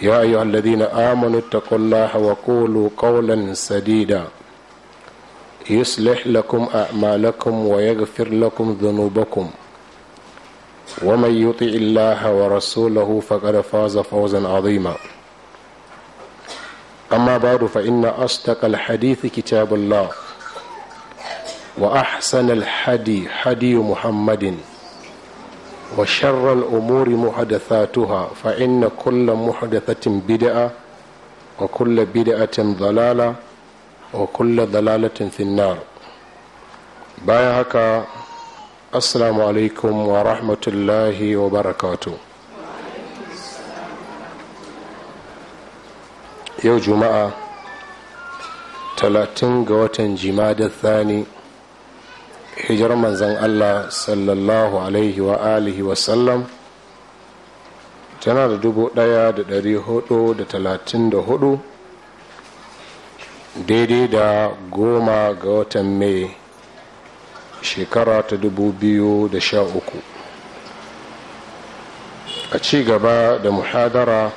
يا أيها الذين آمنوا اتقوا الله وقولوا قولا سديدا يصلح لكم أعمالكم ويغفر لكم ذنوبكم ومن يطع الله ورسوله فقد فاز فوزا عظيما أما بعد فإن أصدق الحديث كتاب الله وأحسن الحدي حدي محمد وشر الأمور محدثاتها فإن كل محدثة بدعة وكل بدعة ضلالة وكل ضلالة في النار بايعك السلام عليكم ورحمة الله وبركاته يوم جمعة 30 ga watan jima'a thani hijirar manzan allah sallallahu alaihi wa alihi wasallam tana da dubu daya da dari hudu da talatin da hudu daidai da goma ga watan mai shekara ta dubu biyu da sha uku a ci gaba da muhadara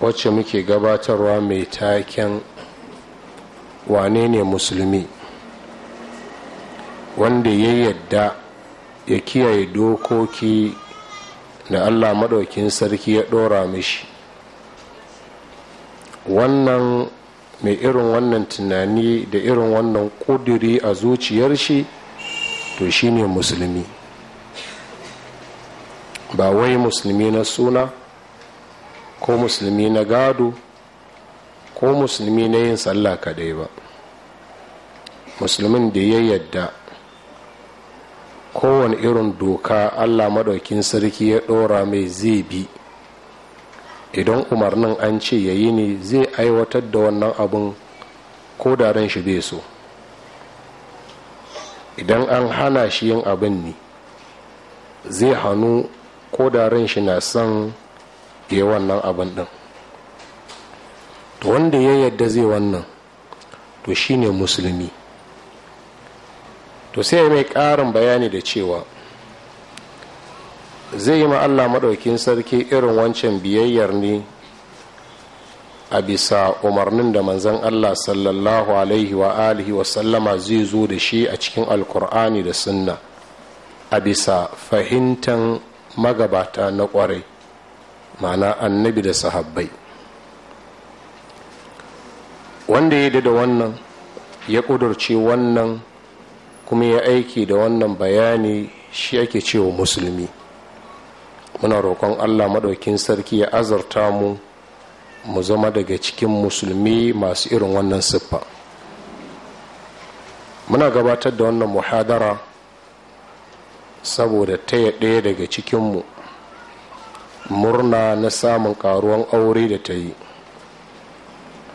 wacce muke gabatarwa mai taken wane ne musulmi wanda ya yadda ya kiyaye dokoki da allah maɗaukin sarki ya ɗora mishi wannan mai irin wannan tunani da irin wannan ƙuduri a zuciyar shi to shine musulmi ba wai musulmi na suna ko musulmi na gado ko musulmi na yin sallah kadai ba musulmin da ya yadda kowane irin doka allah maɗaukin sarki ya ɗora mai zai bi idan umarnin an ce ya yi ne zai aiwatar da wannan abin ko da ran shi bai so idan an hana shi yin abin ne zai hannu ko da ran shi na son ya wannan abin ɗin to wanda ya yadda zai wannan to shine musulmi to sai mai ƙarin bayani da cewa zai yi ma allah maɗaukin sarki irin wancan biyayyar ne a bisa umarnin da manzan allah sallallahu alaihi wa alihi wa sallama zai zo da shi a cikin alkur'ani da sunna a bisa fahimtan magabata na ƙwarai ma'ana annabi da sahabbai wanda ya da wannan ya ƙudurce wannan kuma ya aiki da wannan bayani shi ake cewa musulmi muna roƙon allah maɗaukin sarki ya azarta mu mu zama daga cikin musulmi masu irin wannan siffa muna gabatar da wannan muhadara saboda taya ɗaya daga cikinmu murna na samun ƙaruwan aure da ta yi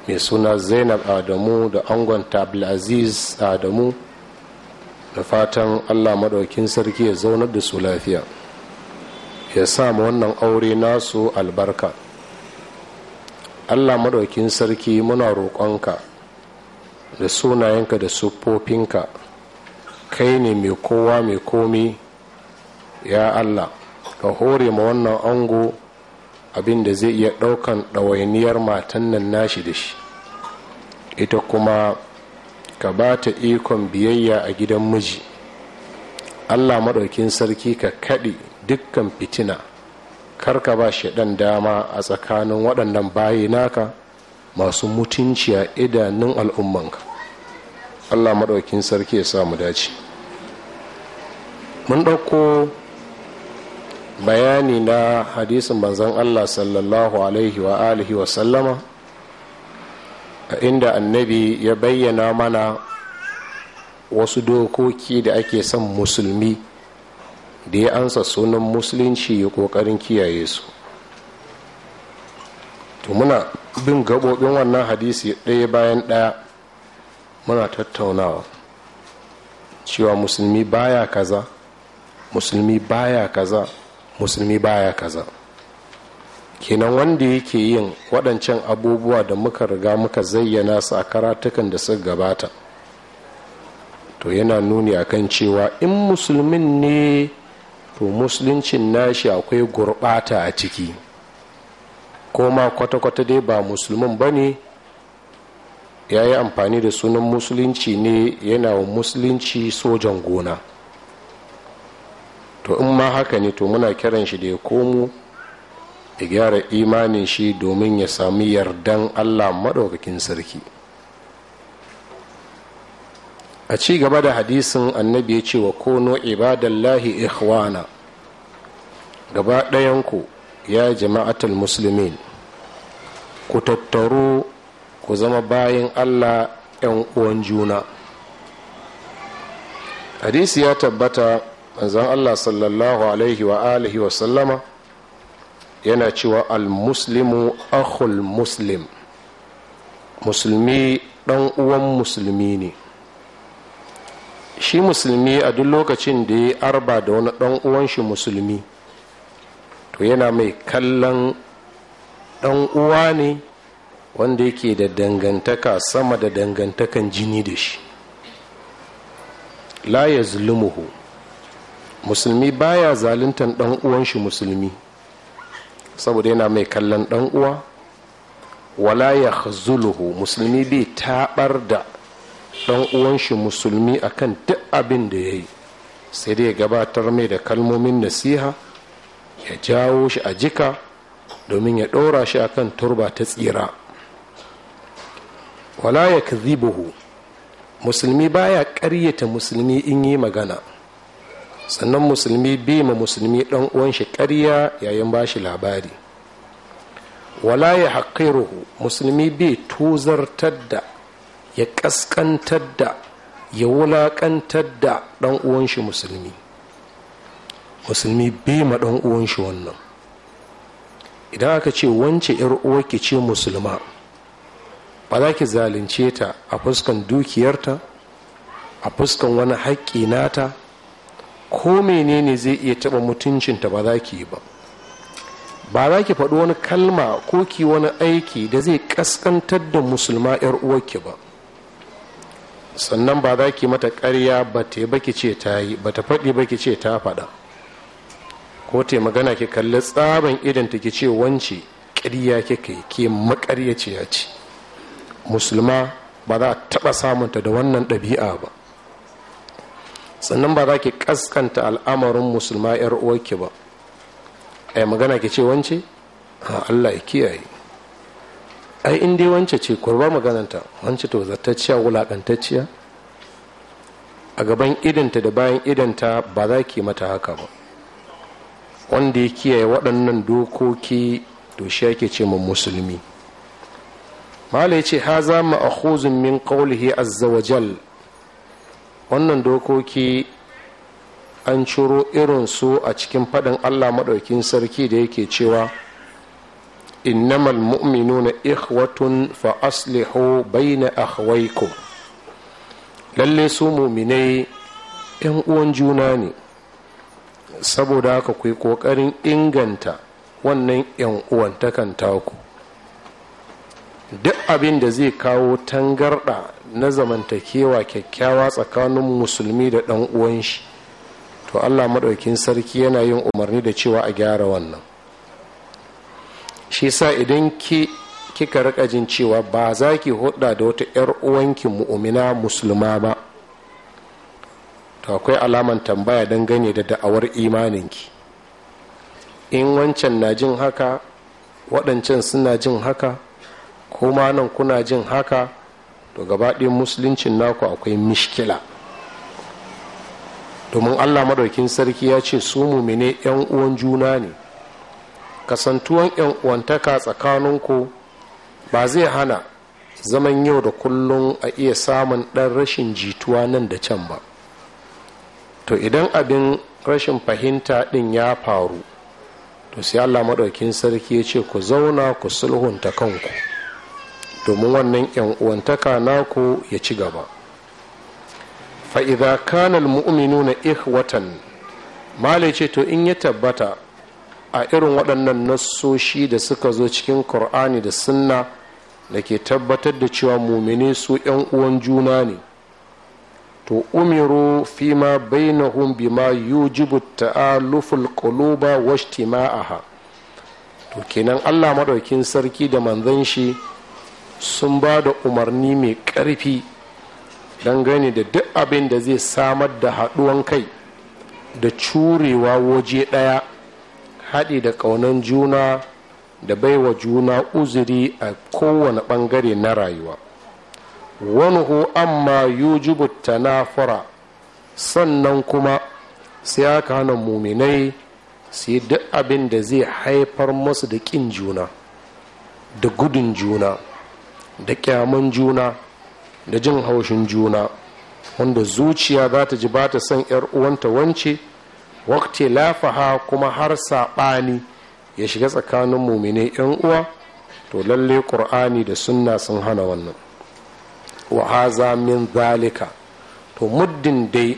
mai suna zainab adamu da angon abdulaziz adamu da fatan allah maɗaukin sarki ya zaunar da su lafiya ya sa wannan aure nasu albarka allah maɗaukin sarki muna roƙonka da sunayenka da siffofinka kai ne mai kowa mai komi ya allah ka hore ma wannan ango abin da zai iya ɗaukan ɗawainiyar matan nan nashi da shi ita kuma ka ba ta ikon biyayya a gidan miji allah maɗaukin sarki ka kaɗi dukkan fitina ka ba shi ɗan dama a tsakanin waɗannan bayi naka masu mutunci a idanun al'ummanka allah maɗaukin sarki ya samu dace mun ɗauko bayani na hadisin manzon allah sallallahu alaihi wa alihi wa sallama inda annabi ya bayyana mana wasu dokoki da ake son musulmi da ya ansa sunan musulunci ya kokarin kiyaye su to muna bin gabobin wannan hadisi ɗaya bayan ɗaya muna tattaunawa cewa musulmi baya kaza musulmi baya kaza musulmi baya kaza kenan wanda yake yin waɗancan abubuwa da muka riga muka zayyana su a karatukan da suka gabata to yana nuni kan cewa in musulmin ne to musuluncin nashi akwai gurɓata a ciki ko ma kwata-kwata dai ba musulmin ba ne ya yi amfani da sunan musulunci ne yana wa musulunci sojan gona to in ma haka ne to muna kiran shi da ya komo ya gyara imanin shi domin ya sami yardan allah maɗaukakin sarki a ci gaba da hadisin annabi ya ce wa kono ibadallahi ikhwana gaba ɗayanku ya jama'atul musulmin ku tattaro ku zama bayan allah 'yan uwan juna hadisi ya tabbata manzon allah sallallahu alaihi wa alihi wa sallama yana cewa al-muslimu akhul muslim musulmi dan uwan musulmi ne shi musulmi a duk lokacin da ya arba da wani dan uwan shi musulmi to yana mai kallon dan uwa ne wanda yake da dangantaka sama da dangantakan jini da shi la yazlumuhu musulmi baya zaluntan dan uwan shi musulmi saboda yana mai kallon dan uwa wala ya zuluhu musulmi bai taɓar da dan uwan shi musulmi akan duk abin da ya yi sai dai gabatar mai da kalmomin nasiha ya jawo shi a jika domin ya ɗora shi akan turba ta tsira wala ya musulmi baya ƙaryata musulmi in yi magana sannan musulmi bi ma musulmi dan uwan shi ƙarya yayin ba shi labari wala ya haƙƙiruhu musulmi bi tozartar da ya ƙasƙantar da ya wulaƙantar da ɗan uwan shi musulmi musulmi bi ma ɗan uwan shi wannan idan aka ce wance yar uwarki ce musulma ba za ki zalunce ta a fuskan dukiyarta a fuskan wani haƙƙi nata ko menene zai iya taɓa mutuncinta ba za ki yi ba ba za ki faɗi wani kalma ko ki wani aiki da zai ƙasƙantar da musulma 'yar uwarki ba sannan ba za ki mata karya ba ta ba ki ce ta yi ba ta faɗi ba ki ce ta faɗa ko ta magana ki kalli tsaban idan ta ki ce wance ƙarya ke, kai ke makaryaciya ce musulma ba za a taɓa samunta da wannan ɗabi'a ba sannan ba za ki kaskanta al'amarin musulma yar uwarki ba A yi magana ki ce wance A Allah ya kiyaye ai in dai wance ce kurba magananta wance to zattacciya wulaƙantacciya? a gaban idanta da bayan idanta ba za ki mata haka ba wanda ya kiyaye waɗannan dokoki to shi yake ce ma musulmi mala ya ce haza ma'akhuzun min qawlihi azza wa wannan dokoki an ciro irinsu a cikin faɗin allah maɗaukin sarki da yake cewa innamal mu'minuna ikhwatun fa aslihu bayna akhwaykum lalle su muminai yan uwan juna ne saboda haka ku yi ƙoƙarin inganta wannan yan uwan takan taku duk abin da zai kawo tangarɗa na zamantakewa kyakkyawa tsakanin musulmi da ɗan uwan shi to allah maɗaukin sarki yana yin umarni da cewa a gyara wannan shi sa idan ki kika rika jin cewa ba za ki hudda da wata 'yar uwanki mu'umina musulma ba to akwai alaman tambaya dangane da da'awar imaninki in wancan na jin haka waɗancan suna jin haka ko nan kuna jin haka to gabaɗin musuluncin naku akwai mishkila domin allah madaukin sarki ya ce su mumine 'yan uwan juna ne kasantuwan 'yan uwantaka tsakaninku ba zai hana zaman yau da kullum a iya samun ɗan rashin jituwa nan da can ba to idan abin rashin fahimta ɗin ya faru to sai allah maɗaukin sarki ya ce ku zauna ku sulhunta kanku domin wannan yan uwantaka naku ya ci gaba fa'iza kanal mu'minu na ihwatan male ce to in ya tabbata a irin waɗannan nassoshi da suka zo cikin Kur'ani da sunna da ke tabbatar da cewa mumini su 'yan uwan juna ne to umiru fima bainahum bima yujibu ta'aluful quluba washtima'aha to kenan Allah madaukin sarki da manzon shi sun ba da umarni mai ƙarfi gani da duk abin da zai samar da haɗuwan kai da curewa waje ɗaya haɗi da ƙaunan juna da baiwa juna uzuri a kowane ɓangare na rayuwa wani wanhu amma na fara sannan kuma sai aka hana muminai su yi duk abin da zai haifar musu da ƙin juna da gudun juna da kyaman juna da jin haushin juna wanda zuciya za ta ji ba ta son yar uwanta wance wakti lafaha kuma har saɓani ya shiga tsakanin mumine yan uwa to lalle ƙur'ani da sunna sun hana wannan wa min zalika to muddin dai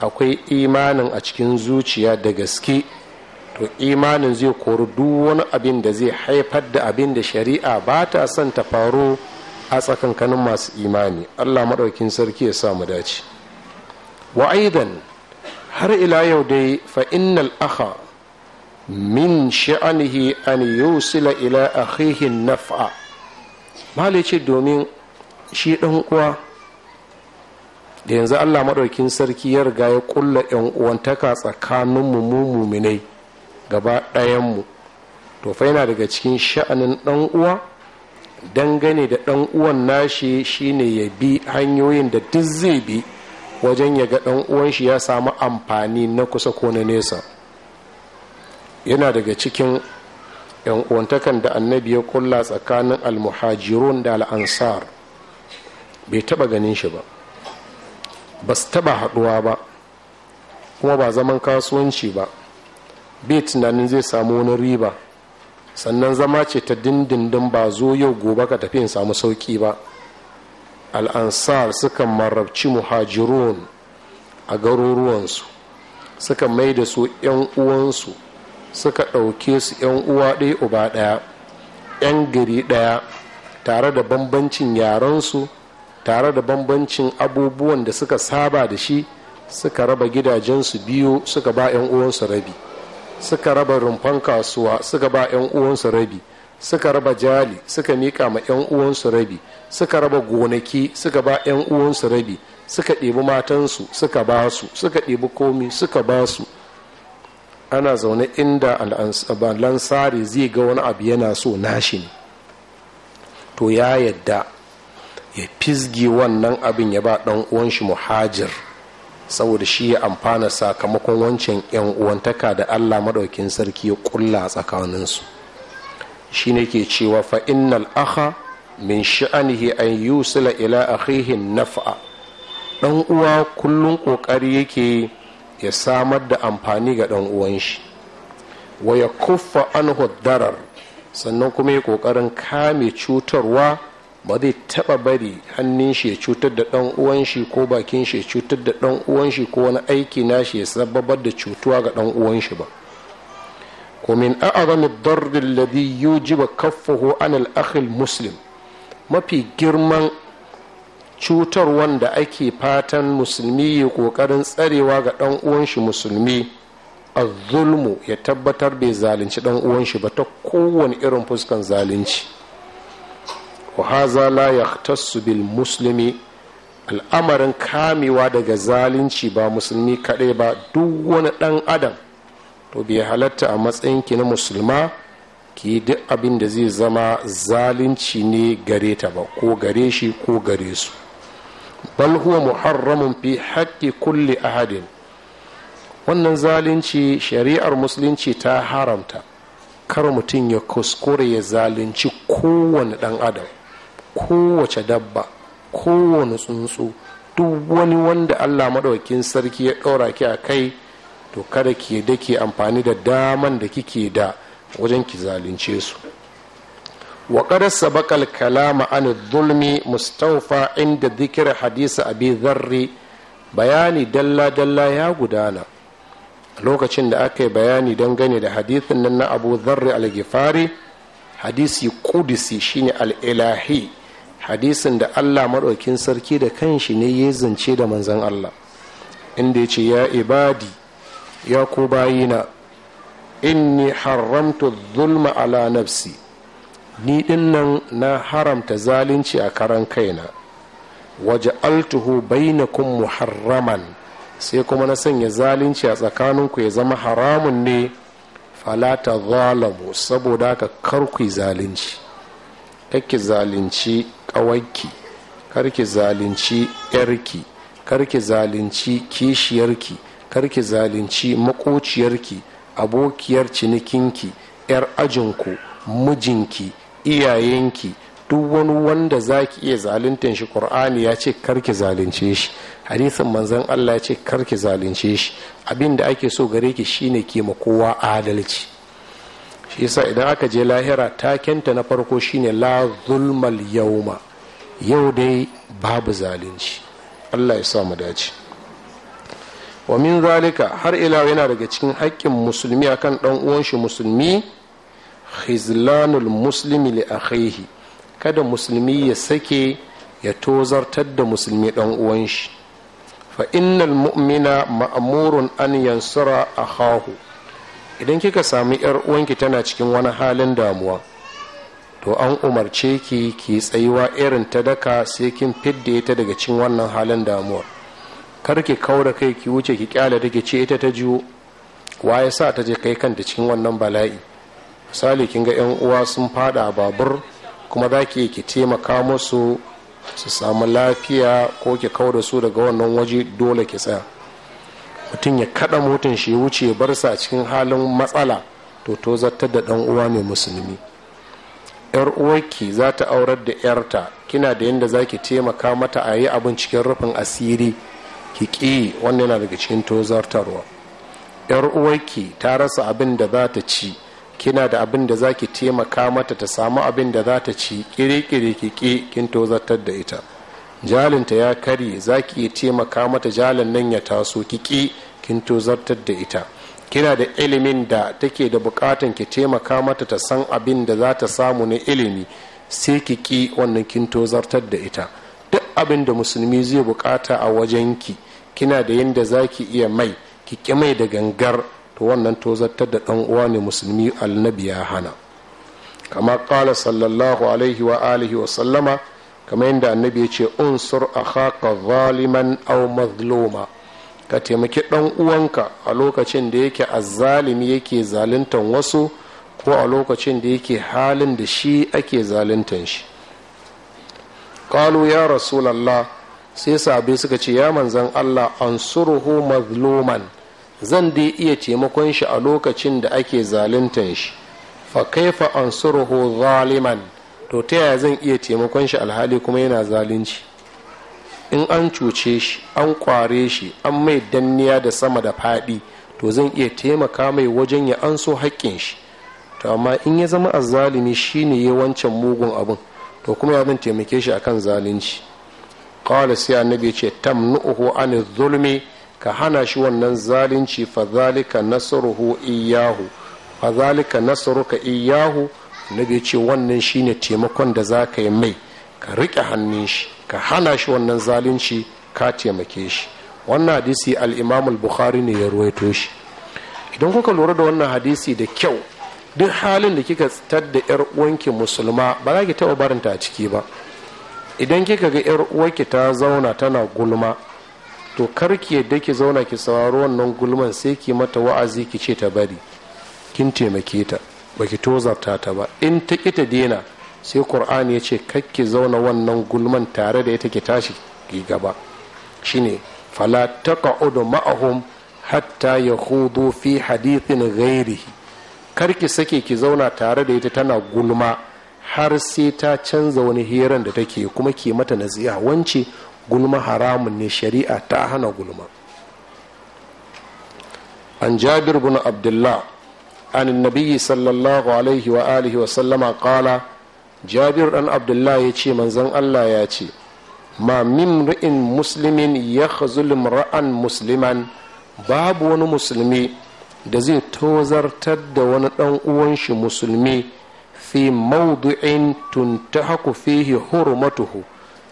akwai imanin a cikin zuciya da gaske to imanin zai kori duk wani abin da zai haifar da abin da shari'a ba ta son ta faru a tsakankanin masu imani allah maɗaukin sarki ya sa mu dace wa aidan har ila yau dai fa innal aha min sha'anihi an yusila ila akhihi naf'a ce domin shi ɗan uwa da yanzu allah maɗaukin sarki ya riga ya ƙulla 'yan uwantaka tsakanin mu muminai gaba ɗayanmu to fa yana daga cikin sha'anin ɗan uwa dangane da ɗan uwan nashi shine ya bi hanyoyin da duk zai bi wajen ya ga ɗan uwan shi ya samu amfani na kusa ko na nesa yana daga cikin yan uwantakan da annabi ya kulla tsakanin almuhajirun da al'ansar bai taba ganin shi ba ba su taba haɗuwa ba kuma ba zaman kasuwanci ba bai tunanin zai samu wani riba sannan zama ce ta dindindin ba zo yau gobe ka tafi in samu sauki ba al'ansar suka marabci muhajirun a garuruwansu suka mai da su 'yan uwansu suka ɗauke su 'yan uwa ɗaya uba ɗaya 'yan gari ɗaya tare da bambancin yarensu tare da bambancin abubuwan da suka saba da shi suka raba gidajensu biyu suka ba 'yan uwansu rabi suka raba rumfan kasuwa suka ba 'yan uwansu rabi suka raba jali suka mika ma 'yan uwansu rabi suka raba gonaki suka ba 'yan uwansu rabi suka ɗebi matansu suka ba su suka ɗebi komi suka ba su ana zaune inda lansari zai ga wani abu yana so nashi ne to ya yadda ya fizge wannan abin ya ba ɗan uwan shi muhajir saboda shi ya amfana sakamakon wancan yan uwantaka da allah maɗaukin sarki ya ƙulla tsakaninsu shi ne ke cewa fa innal aha min sha'anihi an yusila ila na naf'a Ɗan uwa kullum ƙoƙari yake ya samar da amfani ga ɗan uwan shi wa ya kuffa anhu darar sannan kuma ya ƙoƙarin kame cutarwa ba zai taba bari hannun shi ya cutar da ɗan uwan shi ko bakin shi ya cutar da ɗan'uwanshi uwan shi ko wani aiki na shi ya sababar da cutuwa ga ɗan uwan shi ba ومن أعظم الضر ji ba كفه al الأخ muslim mafi girman cutar wanda ake fatan musulmi ya kokarin tsarewa ga ɗan uwanshi musulmi a zulmu ya tabbatar bai zalunci ɗan'uwanshi shi ba ta kowane irin fuskan zalunci wa haza la yahtassu bil muslimi al'amarin kamewa daga zalunci ba musulmi kaɗai ba duk wani ɗan adam to bai halatta a matsayin ki na musulma ki duk abin da zai zama zalunci ne gare ta ba ko gare shi ko gare su bal huwa muharramun fi haƙƙi kulli ahadin wannan zalunci shari'ar musulunci ta haramta kar mutum ya kuskure ya zalunci kowane ɗan adam kowace dabba kowane tsuntsu duk wani wanda allah maɗaukin sarki ya ɗora ki a kai to kada ki da ke amfani da daman da kike da wajen ki zalunce su wa qad baƙal kalama an zulmi mustawfa inda zikira hadisi abi zarri bayani dalla dalla ya gudana lokacin da aka yi bayani dangane da hadithin nan na abu zarri al gifari hadisi kudisi shine al-ilahi hadisin da allah maɗaukin sarki da kanshi ne ya zance da manzan allah inda ya ce ya ibadi ya ku bayina inni haramta zulma ala nafsi ni dinnan na haramta zalunci a karan kaina waje altuhu bainakum muharraman sai kuma na sanya zalunci a tsakaninku ya zama haramun ne falata zalamu saboda haka karku zalunci kakki zalunci ƙawarki karki zalunci yarki karki zalunci kishiyarki karki zalunci makociyarki abokiyar cinikinki yar ajinku mijinki iyayenki duk wani wanda za ki iya zaluntar shi qur'ani ya ce karki zalunce shi hadisin manzon allah ya ce karki zalunce shi abin da ake so gare ki shine ke ma kowa adalci shi yasa idan aka je lahira takenta na farko shine la zulmal yauma yau dai babu zalunci allah ya sa mu dace wa min zalika har ila yana daga cikin haƙƙin musulmi akan ɗan uwan shi musulmi khizlanul muslimi li akhihi kada musulmi ya sake ya tozartar da musulmi ɗan uwan shi fa innal mu'mina ma'murun an yansura akhahu idan kika sami yar uwanki tana cikin wani halin damuwa to an umarce ki ki tsayuwa irin ta daka sai kin fidda ita daga cikin wannan halin damuwa kar ki kaura kai ki wuce ki kyale take ce ita ta jiwo waye sa ta je kai kanta cikin wannan bala'i misali kin ga yan uwa sun fada babur kuma za ki ki taimaka musu su samu lafiya ko ki kaura su daga wannan waje dole ki tsaya mutum ya kada motan shi ya wuce bar sa cikin halin matsala to to zartar da dan uwa mai musulmi yar uwarki za ta aurar da yarta kina da yadda za ki taimaka mata a yi abin cikin rufin asiri ki ƙi wannan yana daga cikin tozartarwa yar uwarki ta rasa abin da za ta ci kina da abin da za ki taimaka mata ta samu abin da za ta ci kiri kiri ki ƙi kin tozartar da ita jalinta ya kare za ki iya taimaka mata jalin nan ya taso kiki kin tozartar da ita kina da ilimin da take da bukatan ki taimaka mata ta san abin da za ta samu na ilimi sai ki ki wannan kin tozartar da ita duk abin da musulmi zai bukata a wajen ki kina da yadda za ki iya mai ki ki mai da gangar to wannan tozartar da dan uwa ne musulmi annabi ya hana kama kala sallallahu alaihi wa alihi wa sallama kamar yadda annabi ya ce unsur akhaka zaliman aw mazluma ka taimaki dan uwanka a lokacin da yake azzalimi yake zaluntan wasu ko a lokacin da yake halin da shi ake zaluntan shi qalu ya rasu lalla sai sabe suka ce ya manzan Allah ansurhu mazluman zan dai iya taimakon shi a lokacin da ake zaluntan shi fa kaifa ansuruhu zaliman to ta yaya zan iya taimakon shi alhali kuma yana zalunci in an cuce shi an kware shi an mai danniya da sama da faɗi to zan iya taimaka mai wajen ya an so haƙƙin shi to amma in ya zama a shi ne ya wancan mugun abin to kuma ya zan taimake shi akan zalunci qala sai annabi ce tamnuhu an zulmi ka hana shi wannan zalunci fa zalika nasruhu iyyahu fa zalika nasruka iyyahu annabi ya ce wannan shine taimakon da za ka yi mai ka riƙe hannun shi ka hana shi wannan zalunci ka taimake shi wannan hadisi al-imam al-bukhari ne ya ruwaito shi idan kuka lura da wannan hadisi da kyau duk halin da kika tsitar da yar uwanki musulma ba za ki taɓa barinta a ciki ba idan kika ga yar uwarki ta zauna tana gulma to kar ki yadda ki zauna ki sauraro wannan gulman sai ki mata wa'azi ki ce ta bari kin taimake ta baki tozarta ta ba in ta ki ta dena sai qur'ani ya ce kakki zauna wannan gulman tare da ita ki tashi ki gaba shine fala taqa'udu ma'ahum hatta yakhudu fi hadithin ghairihi ki sake ki zauna tare da ita tana gulma har sai ta canza wani hiran da take kuma ki mata nasiha wance gulma haramun ne shari'a ta hana gulma an jabir bin abdullah عن النبي صلى الله عليه وآله وسلم قال جابر أن عبد الله يتشي من زن الله يتشي ما من امرئ مسلم يخذل امرأ مسلما باب مسلمي da zai tozartar da wani ɗan uwan shi musulmi fi maudu'in tuntahaku fihi hurmatuhu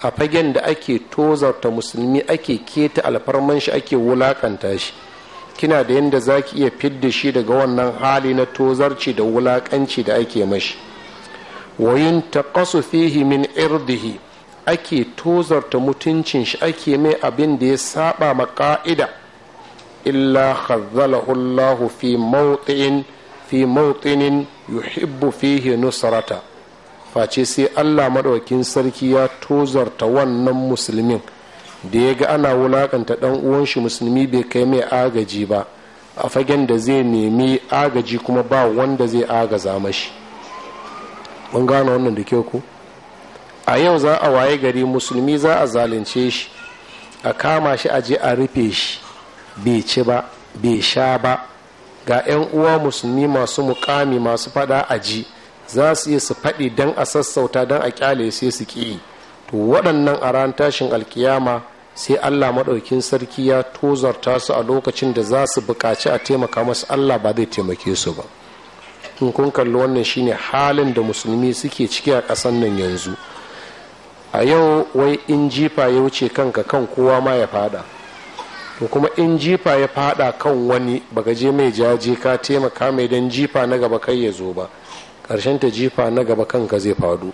a fagen da ake tozarta musulmi ake keta alfarman shi ake wulakanta shi kina da yadda za ki iya fidda shi daga wannan hali na tozarci da wulaƙanci da ake mashi wayin taqasu fihi min irdihi ake tozarta mutuncin shi ake mai abin da ya saba ma ƙa'ida illa khazzalahu Allahu fi mawti'in fi mawtinin yuhibbu fihi nusrata face sai Allah madaukin sarki ya tozarta wannan musulmin da ya ga ana wulakanta ɗan uwan shi musulmi bai kai mai agaji ba a fagen da zai nemi agaji kuma ba wanda zai agaza mashi mun gano wannan da kyau ku a yau za a waye gari musulmi za a zalunce shi a kama shi a je a rufe shi bai ci ba bai sha ba ga 'yan uwa musulmi masu mukami masu fada a ji za su yi su faɗi don a sassauta don a kyale sai su ƙi to waɗannan a ran tashin alkiyama sai allah maɗaukin sarki ya tozarta su a lokacin da za su buƙaci a taimaka masu allah ba zai taimake su ba in kun kalli wannan shine halin da musulmi suke ciki a ƙasan nan yanzu a yau wai in jifa ya wuce kanka kan kowa ma ya fada to kuma in jifa ya fada kan wani baka je mai jaje ka taimaka mai dan jifa na gaba kai ya zo ba ƙarshen ta jifa na gaba kanka zai faru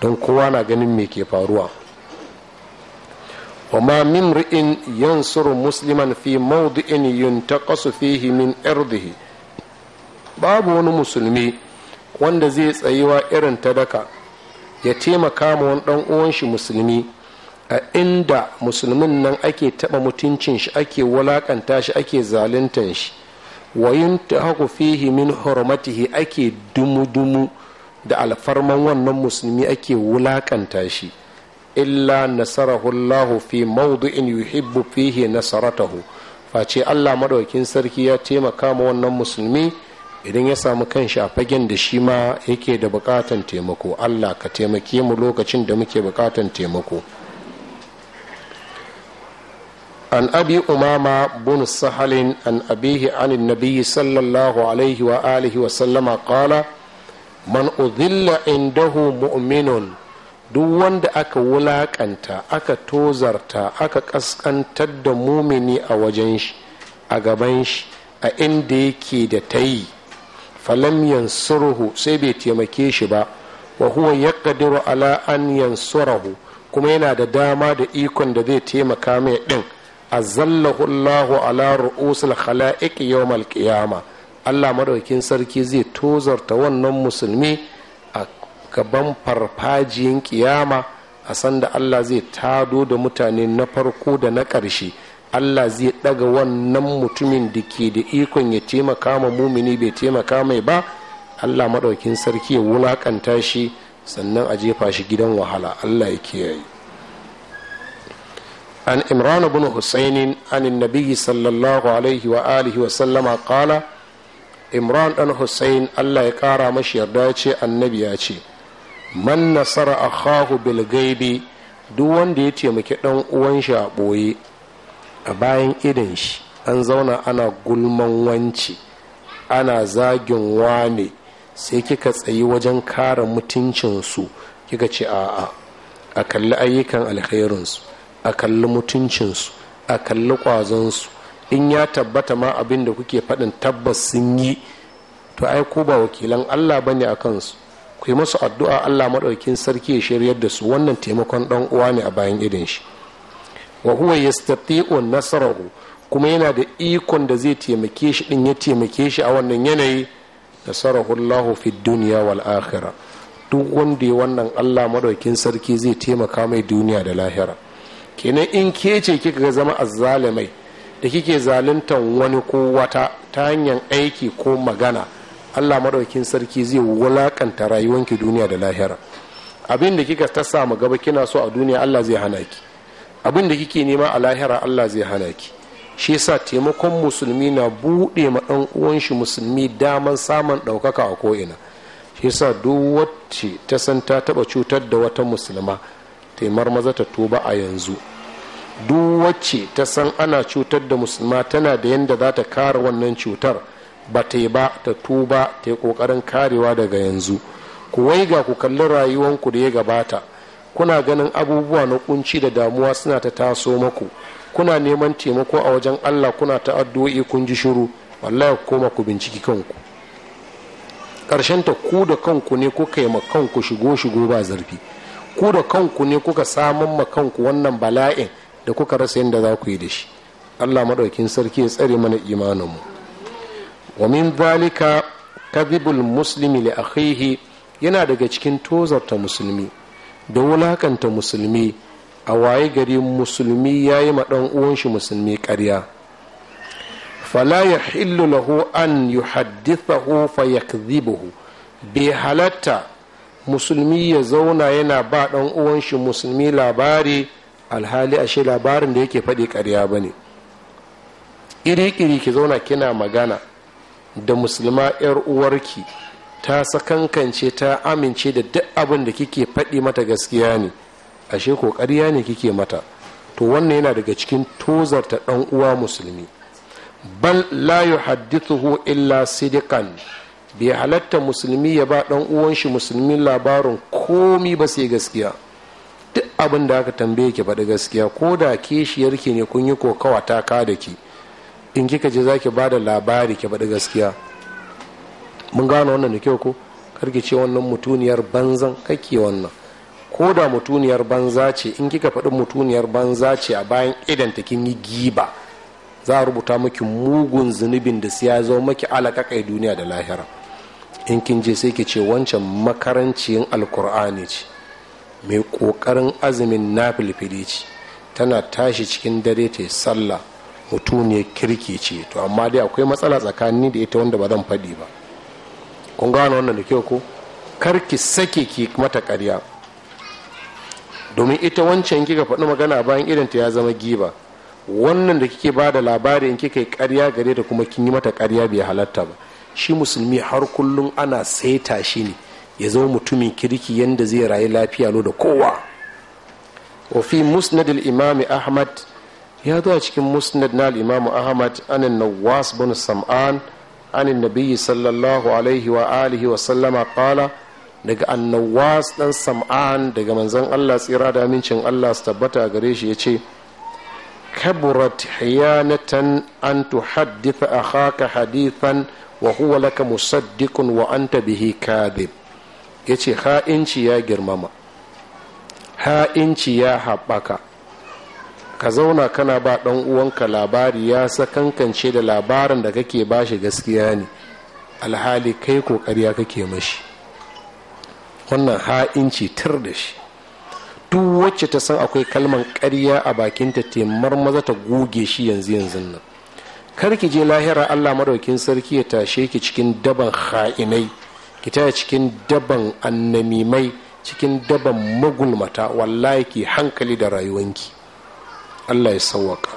don kowa na ganin me ke faruwa wa ma mimri'in yansuru musliman fi mawdi'in yuntaqasu fihi min irdihi babu wani musulmi wanda zai tsayiwa irin ta daka ya taimaka ma wani ɗan uwan shi musulmi a inda musulmin nan ake taɓa mutuncin shi ake wulaƙanta shi ake zaluntan shi wa haku fihi min hurmatihi ake dumu-dumu da alfarman wannan musulmi ake wulaƙanta shi illa nasarahu Allah fi mawdu'in yuhibbu fihi nasaratahu face Allah madaukin sarki ya taimaka ma wannan musulmi idan ya samu kanshi a fagen da shi ma yake da bukatan taimako Allah ka taimake mu lokacin da muke bukatan taimako an abi umama bin sahalin an abihi an nabi sallallahu alaihi wa alihi wa sallama qala man udhilla indahu mu'minun duk wanda aka wulaƙanta aka tozarta aka ƙasƙantar da mumini a wajen shi a gaban shi a inda yake da ta yi falam yansuruhu sai bai taimake shi ba wa huwa yaqdiru ala an yansurahu kuma yana da dama da ikon da zai taimaka mai din zallahu Allahu ala ru'usul khala'iq yawmal qiyama Allah madaukin sarki zai tozarta wannan musulmi gaban farfajiyin kiyama a sanda Allah zai tado da mutane na farko da na ƙarshe Allah zai ɗaga wannan mutumin da ke da ikon ya taimaka ma mumini bai taimaka mai ba Allah maɗaukin sarki ya wulaƙanta shi sannan a jefa shi gidan wahala Allah ya kiyaye an imran bin husainin an nabi sallallahu alaihi wa alihi wa sallama qala imran dan husain Allah ya ƙara mashi yarda ya ce annabi ya ce man nasara akhahu bil gaibi duk wanda ya taimaki dan uwan shi a boye a bayan idan shi an zauna ana gulman wanci ana zagin wane sai kika tsayi wajen kare mutuncinsu kika ce a'a a kalli ayyukan alkhairunsu a kalli mutuncinsu a kalli kwazonsu in ya tabbata ma abin da kuke faɗin tabbas sun yi to ai ku ba wakilan allah bane a kansu ku yi masu addu'a allah maɗaukin sarki ya shiryar da su wannan taimakon ɗan uwa ne a bayan idan shi wa huwa yastati'u nasarahu kuma yana da ikon da zai taimake shi din ya taimake shi a wannan yanayi nasarahu Allahu fi duniya wal akhirah duk wanda wannan Allah maɗaukin sarki zai taimaka mai duniya da lahira kenan in ke ce kika ga zama azzalimai da kike zaluntan wani ko ta hanyar aiki ko magana allah maɗaukin sarki zai wulakanta rayuwanki duniya da lahira abin da kika ta samu gaba kina so a duniya allah zai hana ki abin da kike nema a lahira allah zai hana ki shi yasa taimakon musulmi na buɗe ma ɗan uwan shi musulmi daman samun ɗaukaka a ko'ina shi yasa duk wacce ta san ta taɓa cutar da wata musulma taimar maza ta tuba a yanzu duk wacce ta san ana cutar da musulma tana da yadda za ta kare wannan cutar ba ta yi ba ta tuba ta yi ƙoƙarin karewa daga yanzu ku waiga ku kalli rayuwanku da ya gabata kuna ganin abubuwa na kunci da damuwa suna ta taso maku kuna neman taimako a wajen allah kuna ta addu'o'i kun ji shiru wallahi koma ku binciki kanku ta ku da kanku ne kuka yi kanku shigo shigo ba zarfi ku da kanku ne kuka samun ma kanku wannan bala'in da kuka rasa yadda za ku yi da shi allah maɗaukin sarki ya tsare mana imaninmu ومن ذلك zalika المسلم muslimi yana daga cikin tozarta musulmi da wulakanta musulmi a waye gari musulmi ya yi maɗan uwan musulmi ƙarya fala ya hillu lahu an yi haddithahu fa ya bai halatta musulmi ya zauna yana ba ɗan uwan musulmi labari alhali ashe labarin da yake faɗi ƙarya ba ne iri-iri ki zauna kina magana da musulma 'yar uwarki ta sakankance ta amince da duk abin da kike faɗi mata gaskiya ne ashe ƙoƙariya ne kike mata to wannan yana daga cikin tozarta ɗan uwa musulmi bal la yuhaddithuhu illa sidikan bai halatta musulmi ya ba ɗan uwan shi musulmi labarin komi ba sai gaskiya duk abin da aka tambaye ki faɗi gaskiya ko da kishiyarki ne kun yi kokawa ta ka da ki in kika je zaki ba da labari ki faɗi gaskiya mun gano wannan da kyau ko karki ce wannan mutuniyar banzan kake wannan ko da mutuniyar banza ce in kika faɗi mutuniyar banza ce a bayan idan ta kin yi giba za a rubuta maki mugun zunubin da siya zo maki kai duniya da lahira in kin je sai ki ce wancan makarancin alkur'ani ce mai ƙoƙarin azumin na filfili ce tana tashi cikin dare ta yi sallah mutum ya kirki ce to amma dai akwai matsala tsakanin da ita wanda ba zan faɗi ba kun gano wannan da kyau ko karki sake ki mata karya domin ita wancan kika faɗi magana bayan irin ta ya zama giba wannan da kike bada labari in kika yi karya gare ta kuma kin yi mata karya bai halatta ba shi musulmi har kullum ana saita shi ne ya zama mutumin kirki yadda zai rayu lafiya lo da kowa wa fi musnad imami ahmad ya zo a cikin musnad na imamu ahmad anin nawas bin sam'an anin nabiyyi sallallahu alaihi wa alihi wa sallama qala daga annawas dan sam'an daga manzon Allah tsira da amincin Allah su tabbata gare shi yace kaburat hiyanatan an a akhaka hadithan wa huwa laka musaddiqun wa anta bihi kadhib yace ha'inci ya girmama ha'inci ya haɓaka ka zauna kana ba ɗan uwanka labari ya sakankance da labarin da kake ba shi gaskiya ne alhali kai ƙoƙariya kake mashi wannan ha'inci tir da shi duk wacce ta san akwai kalman ƙarya a bakinta temar maza ta goge shi yanzu yanzu nan kar ki je lahira allah madaukin sarki ya tashe ki cikin daban ha'inai ki taya cikin daban annamimai cikin daban magulmata wallahi ki hankali da rayuwanki Allah ya sawwaka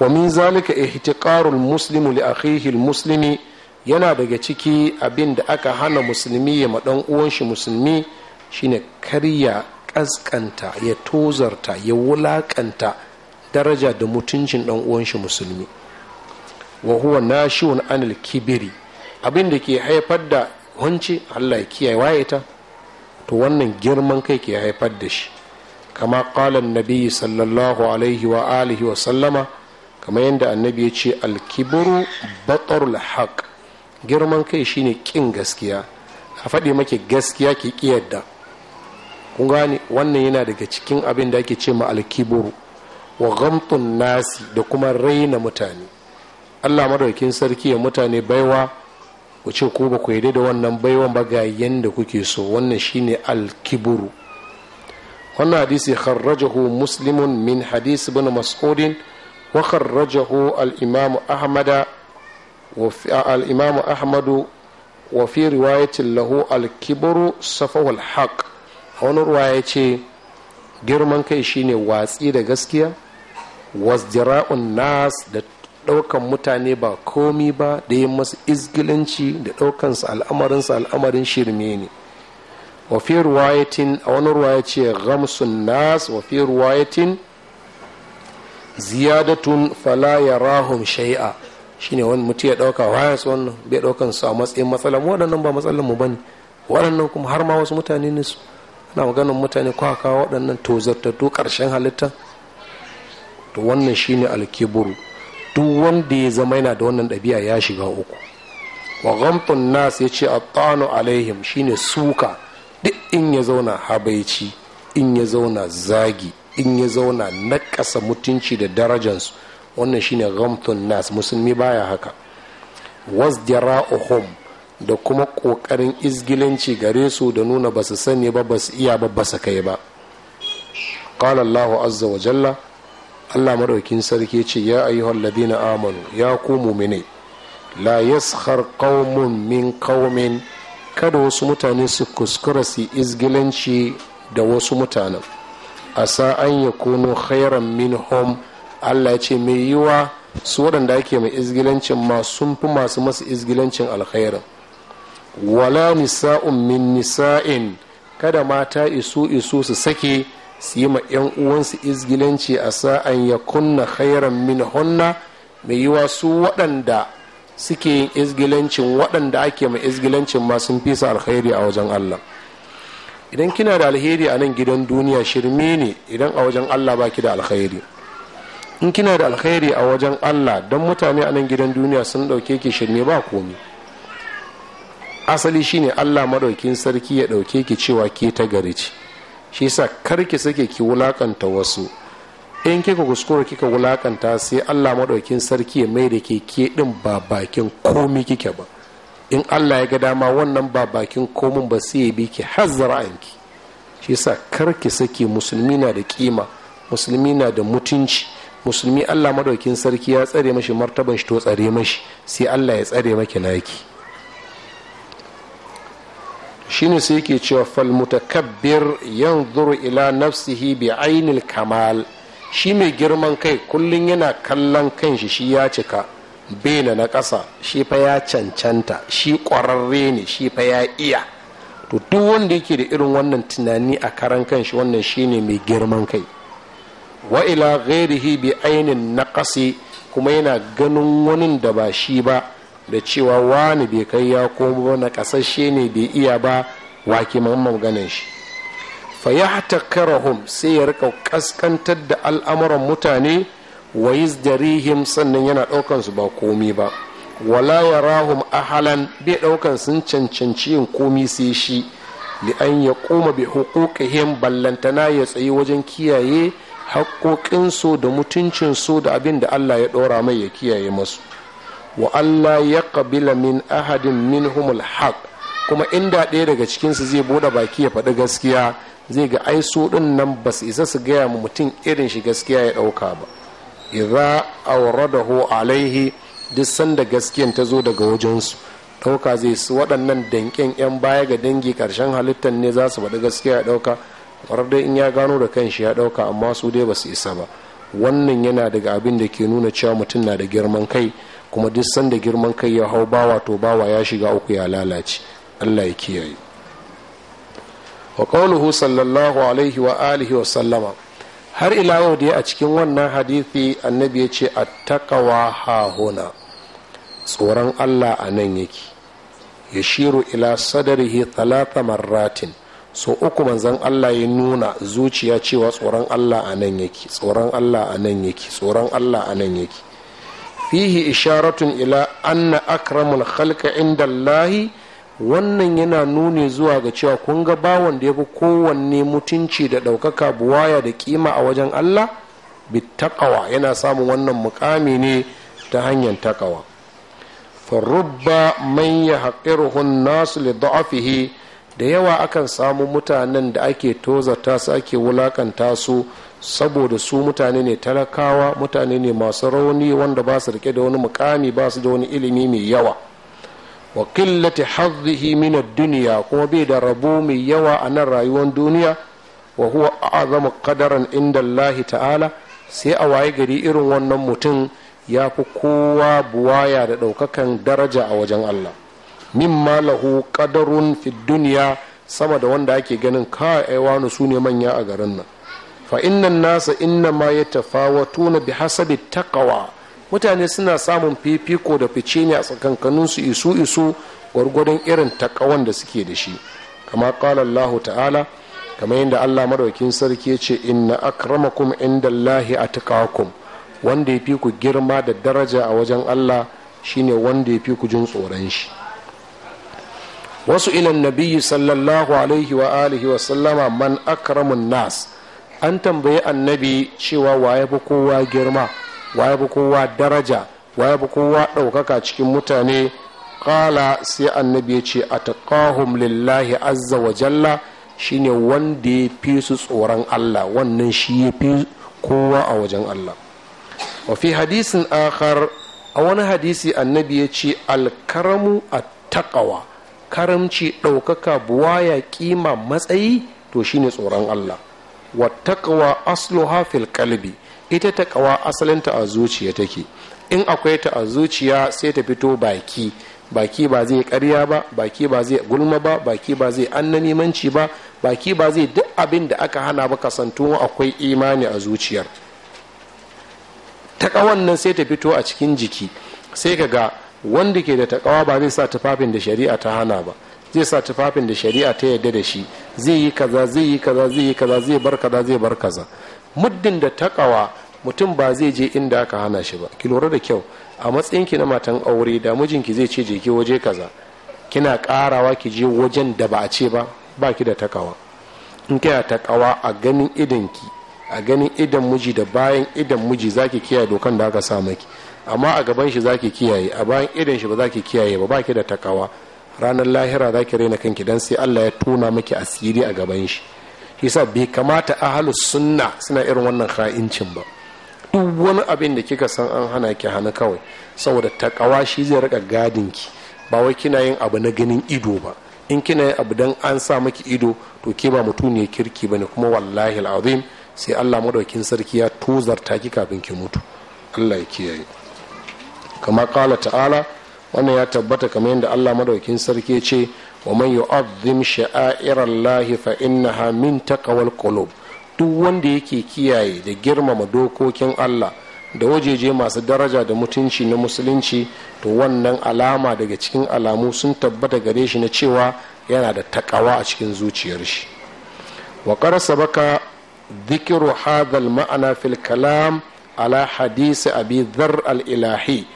wa min zalika ihtiqarul muslimu li akhihi musulmi yana daga ciki abin da aka hana musulmi ya maɗan uwan shi musulmi shine karya ƙasƙanta ya tozarta ya wulaƙanta daraja da mutuncin ɗan uwan shi musulmi wa huwa nashiwun anil kibiri abin da ke haifar da hunci Allah ya kiyaye waye ta to wannan girman kai ke haifar da shi kama ƙalan nabi sallallahu alaihi wa alihi wa sallama kamar yadda annabi ya ce alkiburu batarul haq girman kai shine ƙin gaskiya a faɗi maki gaskiya ki ƙiyarda kun gane wannan yana daga cikin abin da ake ce ma alkiburu wa gamtun nasi da kuma raina mutane allah madaukin sarki ya mutane baiwa ku ce ku ba ku yi da wannan baiwan ba ga yadda kuke so wannan shine alkibiru. wannan hadisi kharrajahu muslimun min hadis ibn mas'udin wa kharrajahu al-imam ahmad wa al-imam ahmad wa fi lahu al-kibru safa wal haq a wani ruwa ce girman kai shine watsi da gaskiya wasdira'un nas da ɗaukan mutane ba komi ba da yin masu izgilanci da al'amarin su al'amarin shirme ne wa fi ruwayatin a wani ruwaya ce ghamsun nas wa fi ruwayatin ziyadatun fala yarahum shay'a shine wani mutu ya dauka wayas wannan bai daukan su a matsayin matsala waɗannan ba matsalan mu ba ne waɗannan kuma har ma wasu mutane ne su ana maganar mutane kwa kawo waɗannan tozartattu ƙarshen halitta to wannan shine alkiburu duk wanda ya zama yana da wannan ɗabi'a ya shiga uku wa ghamtun nas yace at-tanu alaihim shine suka duk in ya zauna habaici in ya zauna zagi in ya zauna naƙasa mutunci da darajansu wannan shine ramton nas musulmi baya haka wasdira'uhum da kuma ƙoƙarin izgilanci gare su da nuna ba su sani ba ba su iya ba ba su kai ba qala Allahu azza wa jalla Allah maɗaukin sarki ce ya ayyuhal ladina amanu ya ku mu'mine la yaskhar min ƙaumin. kada wasu mutane su kuskura su izgilanci da wasu mutanen a an ya kuno khairan min hom allah ya ce mai yiwa su waɗanda ake mai izgilancin ma sun fi masu masu izgilancin alkhairin wala nisa'un min nisa'in kada mata isu isu su sake su yi ma 'yan uwansu izgilanci a sa'an ya kunna hairan min honna mai yiwa su waɗanda suke yin izgilancin waɗanda ake ma izgilancin ma sun fi alkhairi a wajen Allah idan kina da alheri a nan gidan duniya shirme ne idan a wajen Allah baki da alkhairi in kina da alkhairi a wajen Allah don mutane a nan gidan duniya sun ɗauke ki shirme ba komi asali shine Allah maɗaukin sarki ya ɗauke ki cewa ke ta gari ce shi sa karki sake ki wulakanta wasu in kika guskura kika wulakanta sai allah maɗaukin sarki ya mai da keke ɗin ba bakin komi kike ba in allah ya ga dama wannan ba bakin komin ba sai ya bi ki har zara'anki shi yasa kar ki saki musulmi na da kima musulmi na da mutunci musulmi allah maɗaukin sarki ya tsare mashi martaban shi to tsare mashi sai allah ya tsare maki naki shine sai ke cewa fal mutakabbir yanzuru ila nafsihi bi ainil kamal shi mai girman kai kullum yana kallon kanshi shi ya cika bena na ƙasa shi fa ya cancanta shi ƙwararre ne shi fa ya iya to duk wanda yake da irin wannan tunani a karan kanshi wannan shi ne mai girman kai wa ila ghairihi bi ainin naqasi kuma yana ganin wani da ba shi ba da cewa wani bai kai ya komo na ƙasashe ne bai iya ba wake mamman ganin shi fa karahum sai ya rika kaskantar da al'amuran mutane wa yizdarihim sannan yana ɗaukansu ba komi ba wala ya rahum ahalan bai ɗaukan sun cancanci yin komi sai shi li an ya koma bi him ballantana ya tsayi wajen kiyaye haƙoƙinsu da mutuncinsu da abin da Allah ya ɗora mai ya kiyaye masu wa Allah ya ƙabila min ahadin humul haq kuma inda ɗaya daga cikinsu zai buɗe baki ya faɗi gaskiya zai ga ai su din nan ba su isa su gaya mu mutum irin shi gaskiya ya ɗauka ba idza awradahu alaihi duk sanda gaskiyan ta zo daga wajensu ɗauka zai su waɗannan danƙen 'yan baya ga dangi ƙarshen halittar ne za su faɗi gaskiya ya ɗauka kamar dai in ya gano da kanshi ya ɗauka amma su dai ba su isa ba wannan yana daga abin da ke nuna cewa mutum na da girman kai kuma duk sanda girman kai ya hau bawa to bawa ya shiga uku ya lalace allah ya kiyaye wa qawluhu sallallahu alaihi wa alihi wa sallama har ila yau yi a cikin wannan hadithi annabi ya ce attaqwa hahuna tsoron Allah a nan yake yashiru ila sadarihi talata marratin so uku manzan Allah ya nuna zuciya cewa tsoron Allah a nan yake tsoron Allah a nan yake tsoron Allah a nan yake fihi isharatun ila anna akramul halka inda wannan yana nune zuwa ga cewa kun ga bawon da ya fi kowanne mutunci da ɗaukaka buwaya da kima a wajen allah bittakawa yana samun wannan mukami ne ta hanyar takawa farubba man ya haƙirhun nasu li da yawa akan samu mutanen da ake tozata su ake wulakanta su saboda su mutane ne talakawa mutane ne masu rauni wanda ba su rike da wani mukami ba su da wani ilimi mai yawa wa qillati hazzihi min duniya kuma bai da rabo mai yawa a nan rayuwar duniya wa huwa a'zamu qadaran inda Allah ta'ala sai a waye gari irin wannan mutum ya fi kowa buwaya da ɗaukakan daraja a wajen Allah mimma lahu qadarun fi duniya sama da wanda ake ganin kawai aiwanu su ne manya a garin nan fa nasa inna ma ya yatafawatuna bi hasabi taqwa mutane suna samun fifiko da fice ne a tsakankaninsu isu isu gwargwadon irin takawan da suke da shi kama kala Allah ta'ala kama yadda Allah madaukin sarki ce inna akramakum a atqakum wanda ya fi ku girma da daraja a wajen Allah shine wanda ya fi ku jin tsoron shi wasu ilan nabiyyi sallallahu alaihi wa alihi wa sallama man akramun nas an tambayi annabi cewa waye fi kowa girma waye bi kowa daraja waye bi kowa ɗaukaka cikin mutane ƙala sai annabi ya ce a taƙahum lillahi azza wa jalla shine wanda ya fi su tsoron allah wannan shi ya fi kowa a wajen allah wa fi hadisin akhar a wani hadisi annabi ya ce alkaramu a taƙawa karamci ɗaukaka buwaya kima matsayi to shine tsoron allah wa taƙawa asluha fil ƙalbi ita ta kawa asalinta a zuciya take in akwai ta a zuciya sai ta fito baki baki ba zai karya ba baki ba zai gulma ba baki ba zai annanimanci ba baki ba zai duk abin da aka hana ba kasantuwa akwai imani a zuciyar takawan nan sai ta fito a cikin jiki sai ka ga wanda ke da kawa ba zai sa tufafin da shari'a ta hana ba zai sa tufafin da shari'a ta yarda da shi zai yi kaza zai yi kaza zai yi kaza zai bar kaza zai bar kaza muddin da takawa mutum ba zai je inda aka hana shi ba ki lura da kyau a matsayin ki na matan aure da mijinki zai ce je ki waje kaza kina karawa ki je wajen da ba a ce ba ba ki da takawa in kina takawa a ganin idanki a ganin idan miji da bayan idan miji zaki kiyaye dokan da aka sa maki amma a gaban shi zaki kiyaye a bayan idan shi ba zaki kiyaye ba baki da takawa ranar lahira zaki raina kanki dan sai Allah ya tona maki asiri a gaban shi yasa bai kamata ahalus sunna suna irin wannan ha'incin ba duk wani abin da kika san an hana ki hana kawai saboda takawa shi zai rika gadin ki ba wai kina yin abu na ganin ido ba in kina yin abu dan an sa maki ido to ke ba mutum ne kirki ba ne kuma wallahi alazim sai Allah madaukin sarki ya tozarta ki kafin ki mutu Allah ya kiyaye kama kala ta'ala wannan ya tabbata kamar yadda Allah madaukin sarki ya ce ومن يعظم شعائر الله فإنها من تقوى القلوب duk wanda yake kiyaye da girmama dokokin Allah da wajeje masu daraja da mutunci na musulunci to wannan alama daga cikin alamu sun tabbata gare shi na cewa yana da takawa a cikin zuciyar shi wa qarasa baka dhikru hadha al ma'ana fil kalam ala hadisi abi dhar al ilahi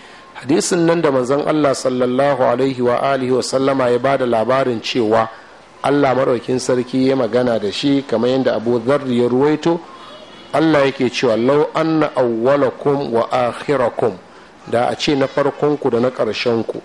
hadisin nan da manzon Allah sallallahu alaihi wa alihi wa sallama ya bada labarin cewa Allah maraukin sarki ya magana da shi kamar yadda Abu Dharr ya ruwaito Allah yake cewa law anna awwalakum wa akhirakum da a ce na farkonku da na ku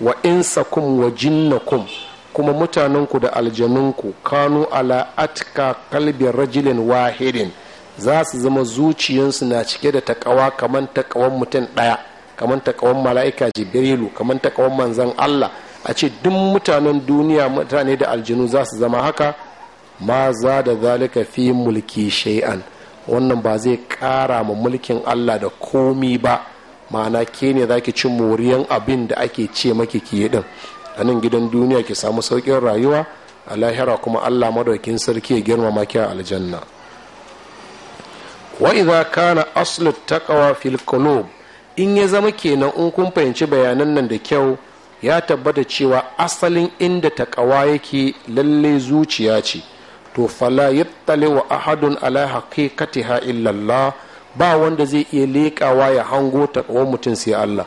wa insakum wa jinnakum kuma mutanenku da aljanunku kanu ala atka kalbi rajulin wahidin za su zama zuciyarsu na cike da takawa kamar takawan mutum ɗaya kamar kawon mala'ika jibrilu kamar ta kawon manzan allah a ce duk mutanen duniya mutane da aljinu za su zama haka ma za da zalika fi mulki shay'an wannan ba zai kara ma mulkin allah da komi ba ma'ana ke ne za ki ci moriyan abin da ake ce maki ki din a nan gidan duniya ki samu sauƙin rayuwa a lahira kuma allah madaukin sarki ya girmama ki a aljanna wa idza kana aslu taqwa fil qulub in ya zama kenan in kun fahimci bayanan nan da kyau ya tabbata cewa asalin inda takawa yake lalle zuciya ce to fala yattali wa ahadun ala haqiqatiha illallah ba wanda zai iya leƙawa ya hango takawar mutum sai Allah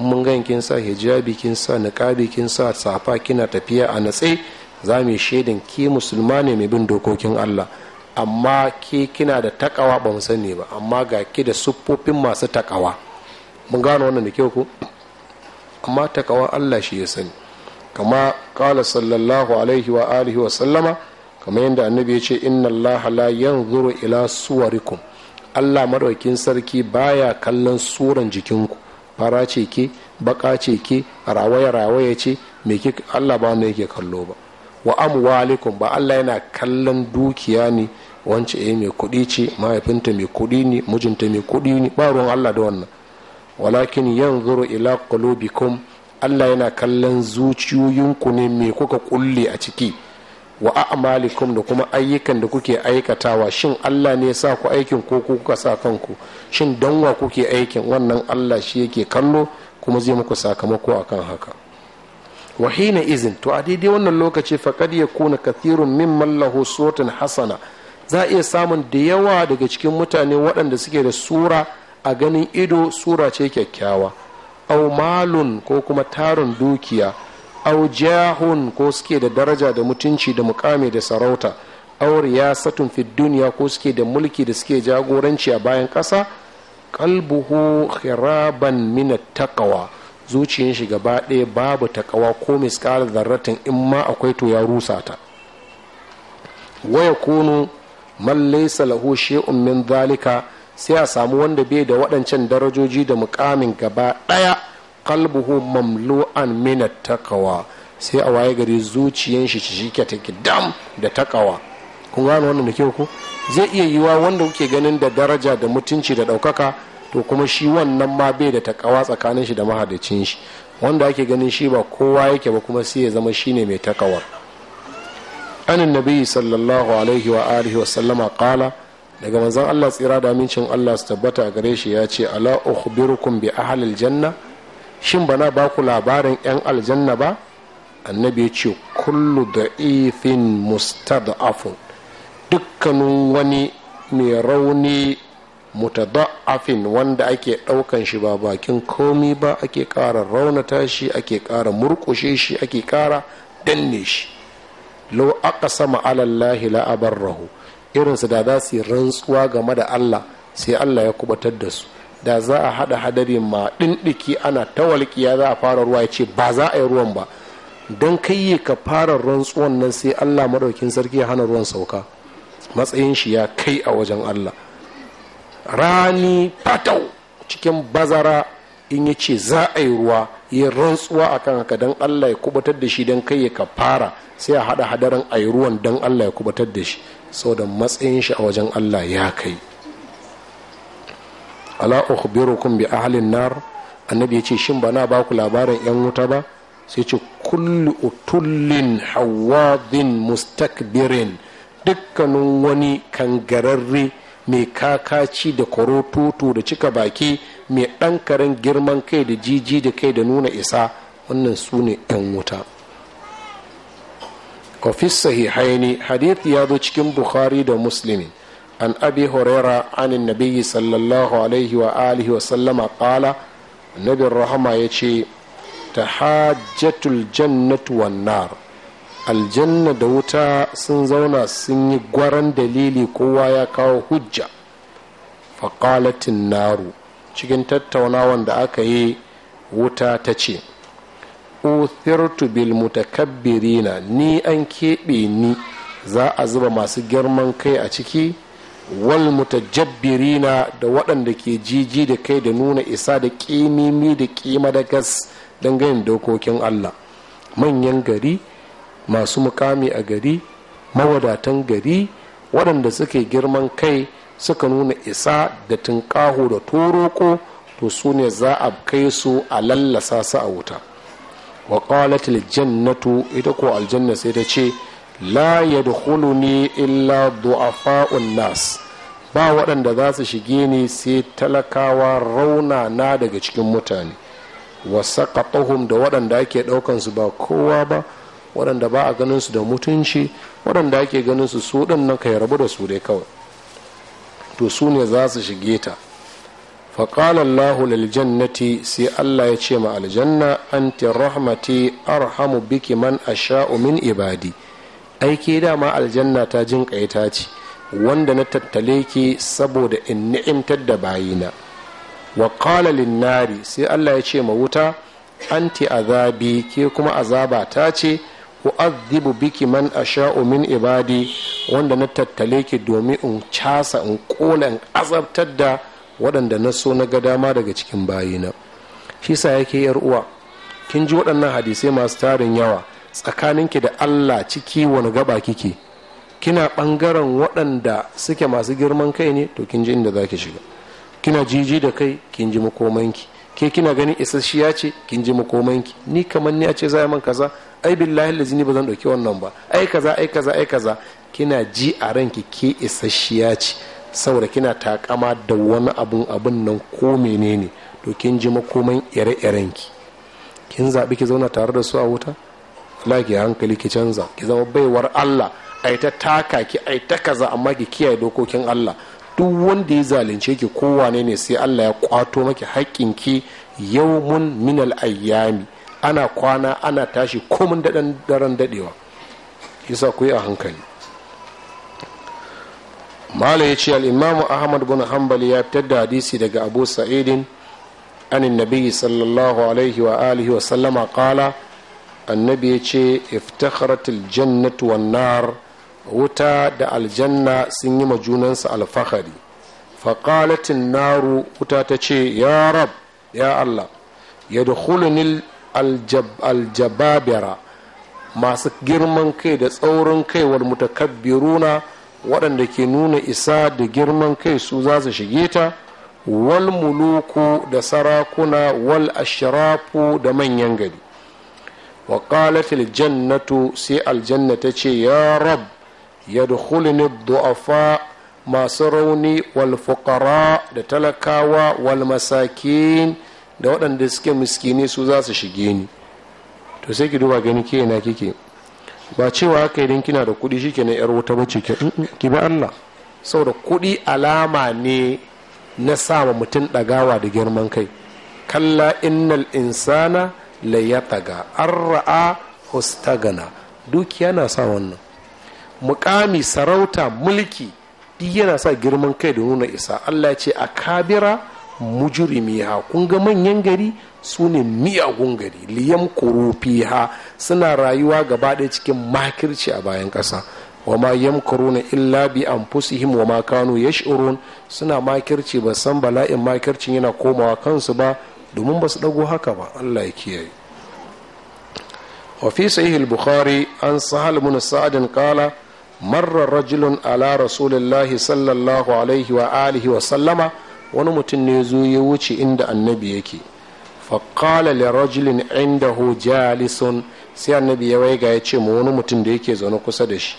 mun ga kin sa hijabi kin sa niqabi kin sa safa kina tafiya a natse za mu shaidan ke musulma ne mai bin dokokin Allah amma ke kina da taƙawa ba mu sani ba amma ga ki da siffofin masu taƙawa. mun gano wannan da kyau ko amma takawa Allah shi ya sani kama kala sallallahu alaihi wa alihi wa sallama kama yadda annabi ya ce inna Allah la yanzuru ila suwarikum Allah madaukin sarki baya kallon suran jikinku fara ce ke baka ce ke rawaya rawaya ce me ke Allah ba wanda yake kallo ba wa amwalikum ba Allah yana kallon dukiya ne wance eh mai kuɗi ce mahaifinta mai kuɗi ne mijinta mai kuɗi ne ba ruwan Allah da wannan walakin yanzuru ila qulubikum Allah yana kallon zuciyoyinku ne me kuka kulle a ciki wa a'malikum da kuma ayyukan da kuke aikatawa shin Allah ne sa ku aikin ko kuka sa kanku shin danwa kuke aikin wannan Allah shi yake kallo kuma zai muku sakamako akan haka wa hina izin to a daidai wannan lokaci faqad yakuna kathirun mimman lahu watan hasana za a iya samun da yawa daga cikin mutane waɗanda suke da sura a ganin ido sura ce kyakkyawa au malun ko kuma tarin dukiya au jahun ko suke da daraja da mutunci da mukami da sarauta au riyasatun fi duniya ko suke da mulki da suke jagoranci a bayan ƙasa kalbuhu khiraban min taqwa zuciyar shi gaba ɗaya babu takawa ko miskal zarratin in ma akwai to ya rusa ta waya kunu man laysa lahu min zalika sai a samu wanda bai da waɗancan darajoji da mukamin gaba ɗaya kalbuhu mamlu'an minat takawa sai a waye gari zuciyan shi shi take dam da takawa kun gano wannan da kyau ku? zai iya yiwa wanda kuke ganin da daraja da mutunci da ɗaukaka to kuma shi wannan ma bai da takawa tsakanin shi da mahadacin shi wanda ake ganin shi ba kowa yake ba kuma sai ya zama shine mai takawar anin nabi sallallahu alaihi wa alihi wa sallama kala daga manzon Allah tsira da amincin Allah su tabbata a gare shi ya ce ala ukhbirukum bi ahlil janna shin bana ba ku labarin yan aljanna ba annabi ya ce kullu da'ifin mustad'afun dukkanin wani mai rauni mutada'afin wanda ake ɗaukan shi ba bakin komi ba ake ƙara raunata shi ake ƙara murƙushe shi ake ƙara danne shi lau aka sama alallahi la'abar rahu irinsu da za su yi rantsuwa game da allah sai allah ya kubatar da su da za a hada hadari ma ɗinɗiki ana ta walƙiya za a fara ruwa ya ce ba za a yi ruwan ba don kai ka fara rantsuwan nan sai allah maɗaukin sarki ya hana ruwan sauka matsayin shi ya kai a wajen allah rani fatau cikin bazara in ya ce za a yi ruwa ya rantsuwa akan haka don allah ya kubatar da shi don kai ka fara sai a haɗa hadarin a yi don allah ya kubatar da shi saboda matsayin shi a wajen allah ya kai ala ukhbirukum bi ahlin nar annabi ya ce shin ba na baku labarin yan wuta ba sai ce kullu utullin hawadin mustakbirin dukkanin wani kangararre mai kakaci da korototo da cika baki mai ɗankarin girman kai da jiji da kai da nuna isa wannan su ne 'yan wuta wa fi sahihaini hadith ya zo cikin bukhari da muslimi an abi horera anin nabi sallallahu alaihi wa alihi wa sallama kala nabi rahama ya ce ta hajjatul jannat wannan aljanna da wuta sun zauna sun yi gwaran dalili kowa ya kawo hujja faƙalatin naru cikin tattaunawan da aka yi wuta ta ce uthirtu bil mutakabbirina ni an keɓe ni za a zuba masu girman kai a ciki wal mutajabbirina da waɗanda ke jiji da kai da nuna isa da ƙimimi da ƙima da gas dangane dokokin allah manyan gari masu mukami a gari mawadatan gari waɗanda suke girman kai suka nuna isa da tunƙaho da toroko to su ne za a kai su a lallasa su a wuta wa qalat jannatu ita ko aljanna sai ta ce la yadkhuluni illa du'afa'un nas ba waɗanda za su shige ni sai talakawa rauna na daga cikin mutane wa saqatuhum da waɗanda ake ɗaukan su ba kowa ba waɗanda ba a ganin su da mutunci waɗanda ake ganin su su ɗin nan kai rabu da su dai kawai to su ne za su shige ta faƙalar lahu sai allah ya ce ma aljanna anti rahmati arhamu biki man asha'u min ibadi aiki dama aljanna ta jin ƙaita ce wanda na tattale ki saboda in ni'imtar da bayina wa linnari sai allah ya ce ma wuta anti azabi ke kuma azaba ta ce u'adhibu biki man asha'u min ibadi wanda na tattale ki domin in casa in kola in azabtar da waɗanda na so na ga dama daga cikin bayina shi sa yake yar uwa kin ji waɗannan hadisai masu tarin yawa tsakanin ki da allah ciki wani gaba kike kina ɓangaren waɗanda suke masu girman kai ne to kin ji inda za ki shiga kina jiji da kai kin ji makomanki ke kina ganin isasshiya ce kin ji makomanki ni kamar ni a ce zai man kaza ai billahi lazi ni ba zan ɗauki wannan ba ai kaza ai kaza ai kaza kina ji a ranki ke isasshiya ce saboda kina takama da wani abun abun nan ko menene to kin ji makoman ire-iren ki kin zaɓi ki zauna tare da su a wuta Allah ki hankali ki canza ki zama baiwar Allah ai ta taka ki ai ta kaza amma ki kiyaye dokokin Allah duk wanda ya zalunce ki kowane ne sai Allah ya kwato maki haƙƙin ki yawmun minal ayyami ana kwana ana tashi komin daɗan daren daɗewa yasa ku yi a hankali malam ya ce al'imamu ahmad bin hanbali ya fitar da hadisi daga abu sa'idin anin nabi sallallahu alaihi wa alihi wa sallama kala annabi ya ce iftakharatul jannatu wan wuta da aljanna sun yi majunansa alfahari faƙalatin naru wuta ta ce ya rab ya allah ya dukhulunil aljababira masu girman kai da tsaurin kaiwar mutakabbiruna waɗanda ke nuna isa da girman kai su za su shige ta wal muluku da sarakuna wal ashirafu da manyan gari wa qalatil jannatu sai aljanna ta ce ya rab yadkhulni du'afa masu rauni wal fuqara da talakawa wal masakin da waɗanda suke miskini su za su shige ni to sai ki duba gani ke na kike ba cewa haka idan kina da kuɗi na yar wuta mace ke mm, mm, ki bi Allah saboda kuɗi alama ne na sama mutum ɗagawa da girman kai kalla innal insana la yataga an ra'a hustagana dukiya na sa wannan mukami sarauta mulki duk yana sa girman kai da nuna isa Allah ya ce a kabira mujrimiha kun ga manyan gari su ne miyagun gari liyam kurufiha suna rayuwa gaba ɗaya cikin makirci a bayan ƙasa wa ma yamkuruna illa bi anfusihim wa ma kanu yash'urun suna makirci ba san bala'in makircin yana komawa kansu ba domin ba su dago haka ba Allah ya kiyaye wa fi bukhari an sahal mun Sa'adin qala marra rajulun ala rasulillahi sallallahu alaihi wa alihi wa sallama wani mutum ne zo ya wuce inda annabi yake faƙala li rajulin ho jalisun sai annabi ya waiga ya ce ma wani mutum da yake zaune kusa da shi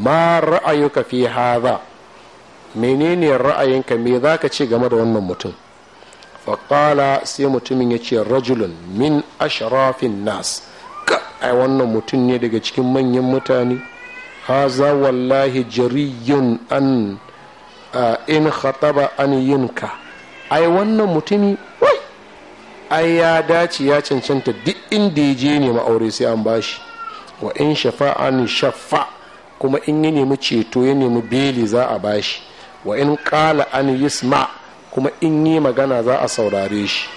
ma ra'ayuka fi haza menene ra'ayinka me zaka ce game da wannan mutum faƙala sai mutumin ya ce rajulun min ashrafin nas ka ai wannan mutum ne daga cikin manyan mutane haza wallahi jariyun an Uh, in khataba an yinka ai wannan mutumi ai ya dace ya cancanta duk inda ya je ne ma'aure sai an bashi wa in shafa an shafa kuma in ya nemi ceto ya nemi beli za a bashi wa in kala an yisma kuma in yi magana za a saurare shi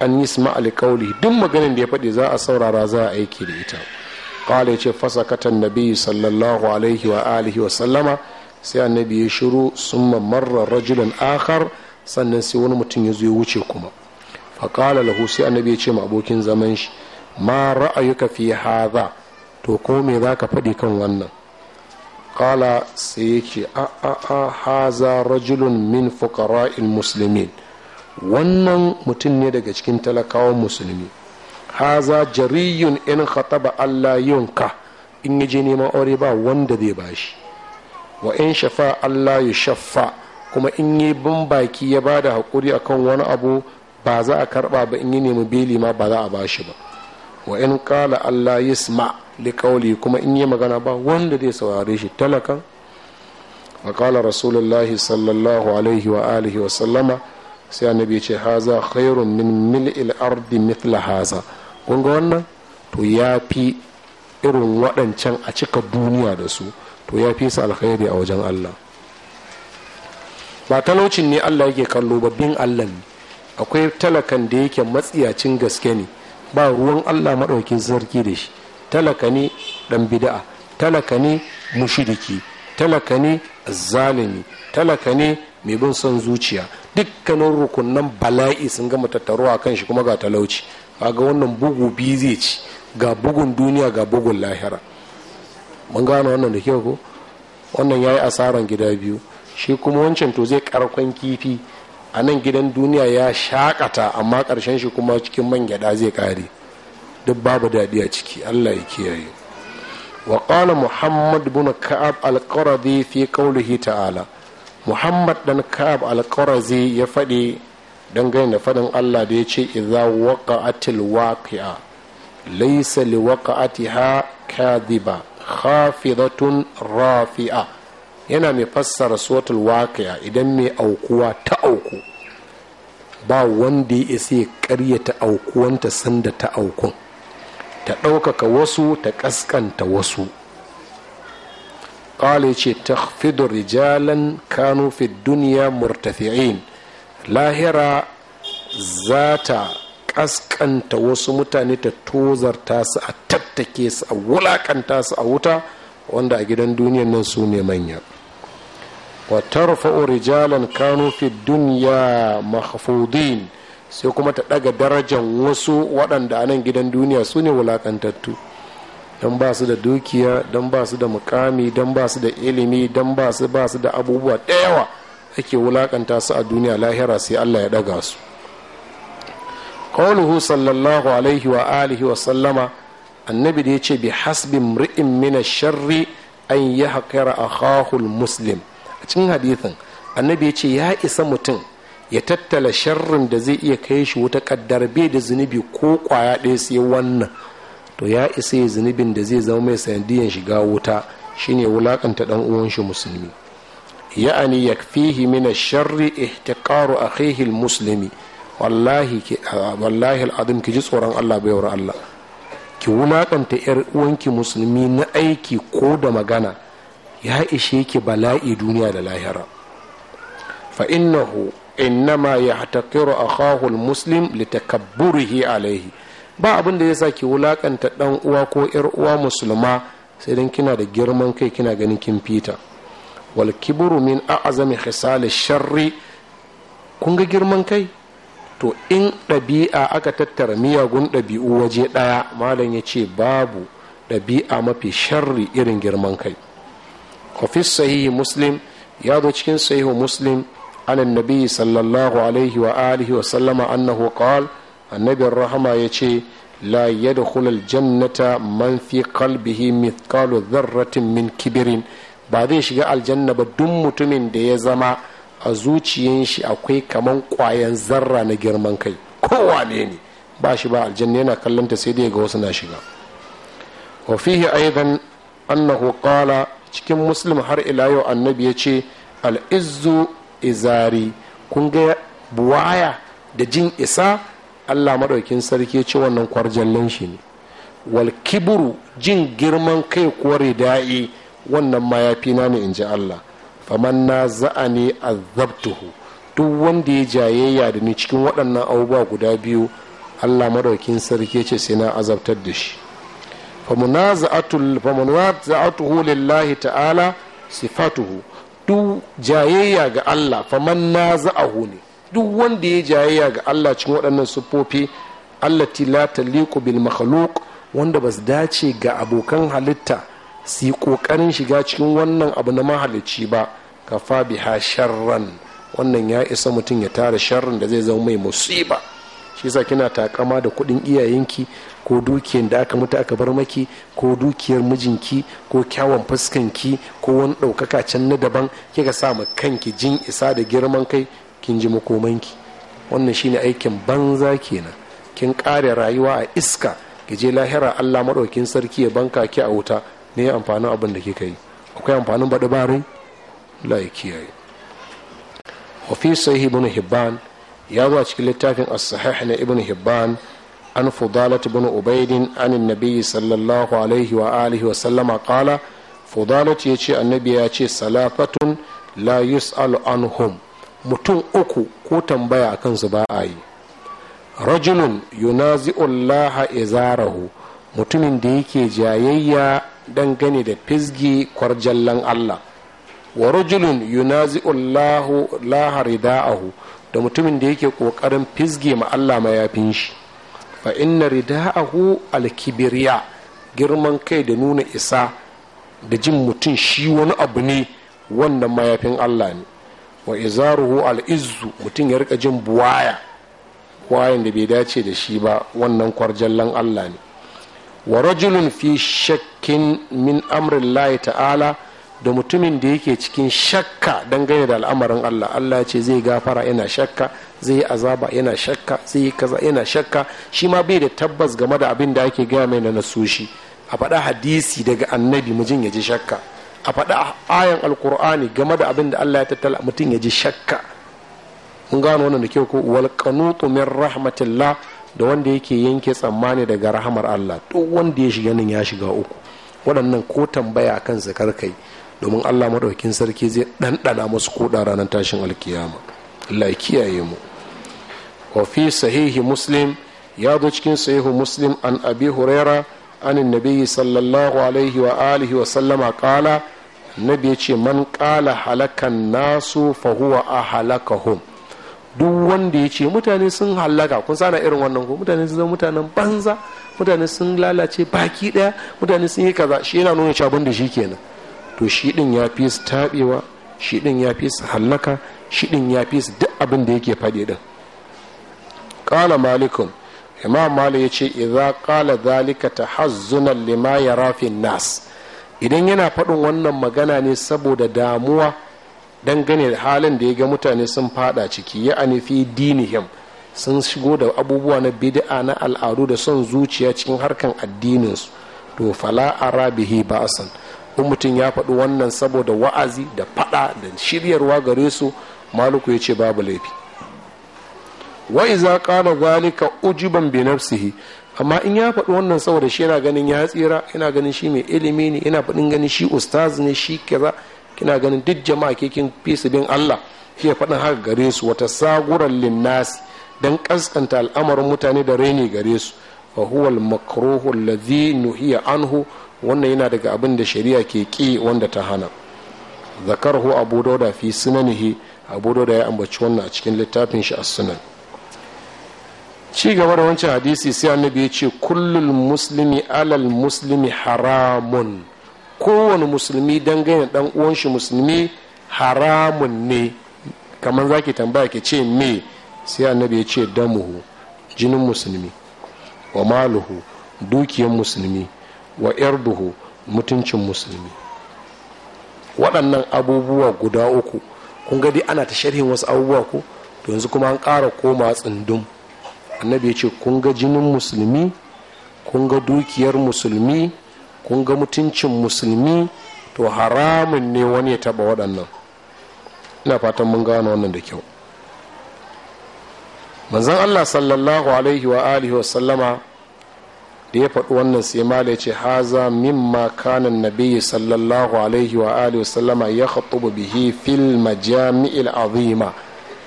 an yi yisma alkauli duk maganin da ya faɗi za a saurara za a aiki da ita qala ya ce katan nabi sallallahu alaihi wa alihi wa sallama sai annabi ya shiru sun mamarra rajulan akhar sannan sai wani mutum ya zo ya wuce kuma faƙala lahu sai annabi ya ce ma abokin zaman shi ma ra'ayuka fi hadha to ko me za ka faɗi kan wannan ƙala sai yake a a a haza rajulun min fuqara'il muslimin wannan mutum ne daga cikin talakawan musulmi haza jariyun in khataba Allah yunka in yaje neman aure ba wanda zai bashi wa in shafa Allah ya shaffa kuma in yi bin baki ya bada hakuri akan wani abu ba za a karɓa ba in yi nemi beli ma ba za a bashi ba wa in kala Allah yasma li kuma in yi magana ba wanda zai saurare shi talakan wa kala rasulullahi sallallahu alaihi wa alihi wa sallama sai annabi ce haza khairun min mil'il ardi mithla haza kun ga wannan to ya fi irin waɗancan a cika duniya da su to ya fi su alkhairi a wajen Allah ba talaucin ne Allah yake kallo babbin Allah ne akwai talakan da yake matsiyacin gaske ne ba ruwan Allah maɗaukin sarki da shi talaka ne ɗan bida'a talaka ne mushiriki talaka ne zalimi talaka ne mai bin son zuciya dukkanin rukunan bala'i sun gama tattaro a kan shi kuma ga talauci ga wannan bugu biyu zai ci ga bugun duniya ga bugun lahira mun gane wannan da kyau ko wannan ya yi asaran gida biyu shi kuma wancan to zai karkon kifi a nan gidan duniya ya shakata amma karshen shi kuma cikin man gyada zai kare duk babu daɗi a ciki allah ya kiyaye wa qala muhammad bin ka'ab al-qurazi fi qawlihi ta'ala muhammad dan ka'ab al ya faɗi dangane da faɗin allah da ya ce idza waqa'atil waqi'a laysa liwaqa'atiha kadhiba khafidatun rafi'a yana mai fassara suratul waqi'a idan mai aukuwa ta auku ba wanda ya isa ya karyata aukuwanta sanda ta aukun ta ɗaukaka wasu ta ƙasƙanta wasu ƙwale ce ta rijalan kanu duniya murtafi'in lahira za ta kaskanta wasu mutane ta tozarta su a tattake su a wulakanta su a wuta wanda a gidan duniyan nan su ne manya wa tarfa rijalan kanu fi dunya mahfudin sai kuma ta daga darajan wasu waɗanda a nan gidan duniya su ne wulakantattu don ba su da dukiya don ba su da mukami don ba su da ilimi don ba su ba su da abubuwa da yawa ake wulakanta su a duniya lahira sai allah ya ɗaga su qawluhu sallallahu alaihi wa alihi wa sallama annabi da yace bi hasbi mri'in min sharri an yahqira akahu muslim a cikin hadithin annabi yace ya isa mutum ya tattala sharrin da zai iya kai shi wuta kaddar bai da zunubi ko kwaya ɗaya sai wannan to ya isa ya zunubin da zai zama mai sanadiyan shiga wuta shine wulakanta dan uwan shi musulmi ya'ani yakfihi min sharri ihtiqaru akhihi muslimi wallahi wallahi al'adun ki ji tsoron Allah baiwar Allah ki wulakanta yar uwanki musulmi na aiki ko da magana ya ishe ki bala'i duniya da lahira fa innahu innama a akahu almuslim litakabburihi alaihi ba abin da sa ki wulakanta ɗan uwa ko yar uwa musulma sai dan kina da girman kai kina ganin kin fita wal kiburu min a'zami khisal sharri kun ga girman kai to in ɗabi'a aka tattara miyagun ɗabi'u waje ɗaya malam ya ce babu ɗabi'a mafi sharri irin girman kai ofis sahihi muslim ya zo cikin sahihu muslim anan nabi sallallahu alaihi wa alihi wa sallama annahu qal annabin rahama ya ce la yadkhul aljannata man fi qalbihi mithqalu dharratin min kibirin ba zai shiga aljanna ba duk mutumin da ya zama a zuciyan shi akwai kaman kwayan zarra na girman kai kowa ne ne ba shi ba aljanna yana kallonta ta sai dai ga wasu na shiga wa fihi aidan annahu qala cikin muslim har ila yau annabi ya ce al'izzu izari kun ga buwaya da jin isa allah maɗaukin sarki ce wannan kwarjallon shi ne wal kiburu jin girman kai kuwa da'i wannan ma fi na ne in ji allah faman na za'a ne zabtuhu duk wanda ya jayayya da ni cikin waɗannan abubuwa guda biyu allah maɗaukin sarki ce sai na azabtar da shi za'atuhu lillahi ta'ala sifatuhu duk jayayya ga allah faman na za'ahu ne duk wanda ya jayayya ga allah cikin waɗannan siffofi allah la taliqu bil makhluk wanda ba su dace ga abokan halitta su yi ƙoƙarin shiga cikin wannan abu na mahalicci ba ka fa biha sharran wannan ya isa mutum ya tara sharran da zai zama mai musiba shi yasa kina takama da kuɗin iyayenki ko dukiyar da aka mutu aka bar maki ko dukiyar mijinki ko kyawun fuskanki ko wani ɗaukaka can na daban kika sa ma kanki jin isa da girman kai kin ji makomanki wannan shine aikin banza kenan kin ƙare rayuwa a iska ki je lahira Allah maɗaukin sarki ya banka ki a wuta ne amfanin abin da kika yi akwai amfanin baɗi barai la ya kiyaye wa ibn hibban ya zo a cikin littafin as-sahih na ibn hibban an fudalat ibn ubaidin an nabi sallallahu alaihi wa alihi wa sallama qala fudalat yace annabi ya ce salafatun la yus'alu anhum mutum uku ko tambaya a kansu ba a yi rajulun yunazi'ullaha izarahu mutumin da yake jayayya dangane da fizgi kwarjallan Allah wa rajulun yunazi'ullahu laha rida'ahu da mutumin da yake kokarin fisge ma Allah mayafin shi fa inna rida'ahu alkibriya girman kai da nuna isa da jin mutum shi wani abu ne wannan mayafin Allah ne wa izaruhu izzu mutum ya rika jin buwaya wayan da bai dace da shi ba wannan kwarjallan Allah ne wa rajulun fi shakkin min amrillahi ta'ala da mutumin da yake cikin shakka dangane da al'amarin Allah Allah ya ce zai gafara yana shakka zai yi azaba yana shakka zai yi kaza yana shakka shi ma bai da tabbas game da abin da ake gaya mai na shi a faɗa hadisi daga annabi mutum ya ji shakka a faɗa ayan alkur'ani game da abin da Allah ya tattala mutum ya ji shakka mun gano wannan da kyau ko wal qanutu min rahmatillah da wanda yake yanke tsammani daga rahamar Allah duk wanda ya shiga nan ya shiga uku waɗannan ko tambaya kan zakar kai domin Allah maɗaukin sarki zai ɗanɗana masu koda ranar tashin alkiyama Allah ya kiyaye mu wa fi sahihi muslim ya zo cikin sahihu muslim an abi huraira an nabi sallallahu alaihi wa alihi wa sallama qala nabi ya ce man qala halakan nasu fa huwa ahlakahum duk wanda ya ce mutane sun hallaka kun sana irin wannan ko mutane sun zama mutanen banza mutane sun lalace baki daya mutane sun yi kaza shi yana nuna cewa da shi kenan to shi din ya fi su tabewa shi din ya fi su hallaka shi din ya fi su duk abin da yake faɗi din qala malikum imam malik ya ce idza qala zalika tahazzunan lima yara fi nas idan yana faɗin wannan magana ne saboda damuwa dangane da halin da ya ga mutane sun fada ciki ya anifi dinihim sun shigo da abubuwa na bid'a na al'adu da son zuciya cikin harkan addininsu to fala ba a san in mutum ya faɗi wannan saboda wa'azi da faɗa da shiryarwa gare su maluku ya ce babu laifi wa iza qala zalika ujiban bi nafsihi amma in ya faɗi wannan saboda shi yana ganin ya tsira yana ganin shi mai ilimi ne yana faɗin ganin shi ustaz ne shi kaza kina ganin duk jama'a ke kin fi bin Allah ya faɗin haka gare su wata saguran linnasi don kaskanta al'amarin mutane da raini gare su wa huwal makruhu alladhi nuhiya anhu wannan yana daga abin da shari'a ke ki wanda ta hana zakarhu abu dauda fi sunanihi abu dauda ya ambaci wannan a cikin littafin shi a sunan ci gaba da wancan hadisi sai annabi ya ce kullul muslimi alal muslimi haramun kowane musulmi dangane dan uwan shi musulmi haramun ne kamar zaki tambaya ke ce me sai annabi ya ce damuhu jinin musulmi wa maluhu dukiyan musulmi wa irduhu mutuncin musulmi waɗannan abubuwa guda uku kun gadi ana ta sharhin wasu abubuwa ko to yanzu kuma an ƙara koma tsindum annabi ya ce kun ga jinin musulmi kun ga dukiyar musulmi kun ga mutuncin musulmi to haramun ne wani ya taba waɗannan ina fatan mun gano wannan da kyau manzan allah sallallahu alaihi wa alihi wasallama da ya faɗi wannan sai mala ya ce haza mimma kana nabiyyi sallallahu alaihi wa alihi wasallama ya khatubu bihi fil majami'il azima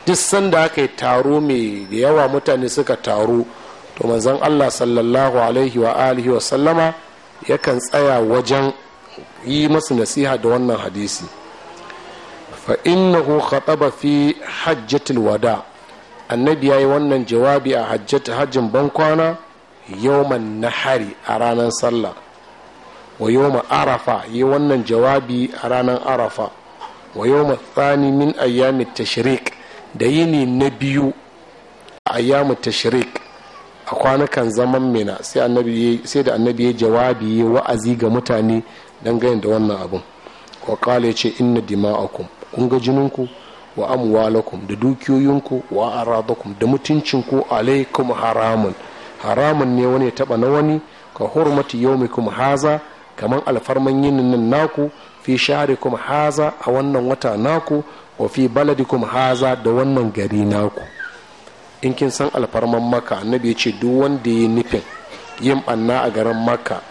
duk sanda aka yi taro mai da yawa mutane suka taru to manzan allah sallallahu alaihi wa alihi wasallama yakan tsaya wajen yi masu nasiha da wannan hadisi fa innahu khataba fi hajjatul wada annabi yayi wannan jawabi a hajjat hajjin bankwana yawman nahari a ranar sallah wa yawma arafa yi wannan jawabi a ranar arafa wa yawma tsani min ayyami tashirik da yini na biyu a ayyami tashrik a kwanakan zaman minna sai da annabi ya jawabi ya wa'azi ga mutane dangane da wannan abin wa kala ya ce inna dima'akum kun ga jininku wa amwalakum da dukiyoyinku wa aradakum da mutuncinku alaikum haramun haramun ne wani ya taba na wani ka hurmati yaumikum haza kamar alfarman yin nan naku fi sharikum haza a wannan wata naku wa fi baladikum haza da wannan gari naku in kin san alfarman maka annabi ya ce duk wanda ya nufin yin banna a garin maka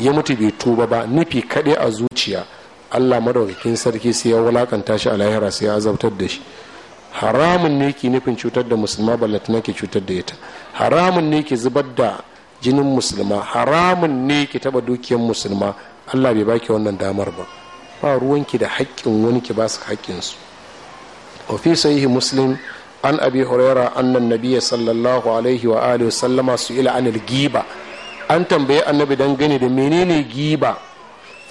ya mutu bai tuba ba nufi kaɗai a zuciya allah madaukakin sarki sai ya wulakanta shi a lahira sai ya azabtar da shi haramun ne ke nufin cutar da musulma ballatin ke cutar da ita haramun ne ke zubar da jinin musulma haramun ne ki taba dukiyar musulma allah bai baki wannan damar ba ba ruwanki da haƙƙin wani ki ba su haƙƙinsu wa fi muslim an abi huraira annan nabiya sallallahu alaihi wa alihi sallama su ila anil giba an tambaye annabi gani da menene giba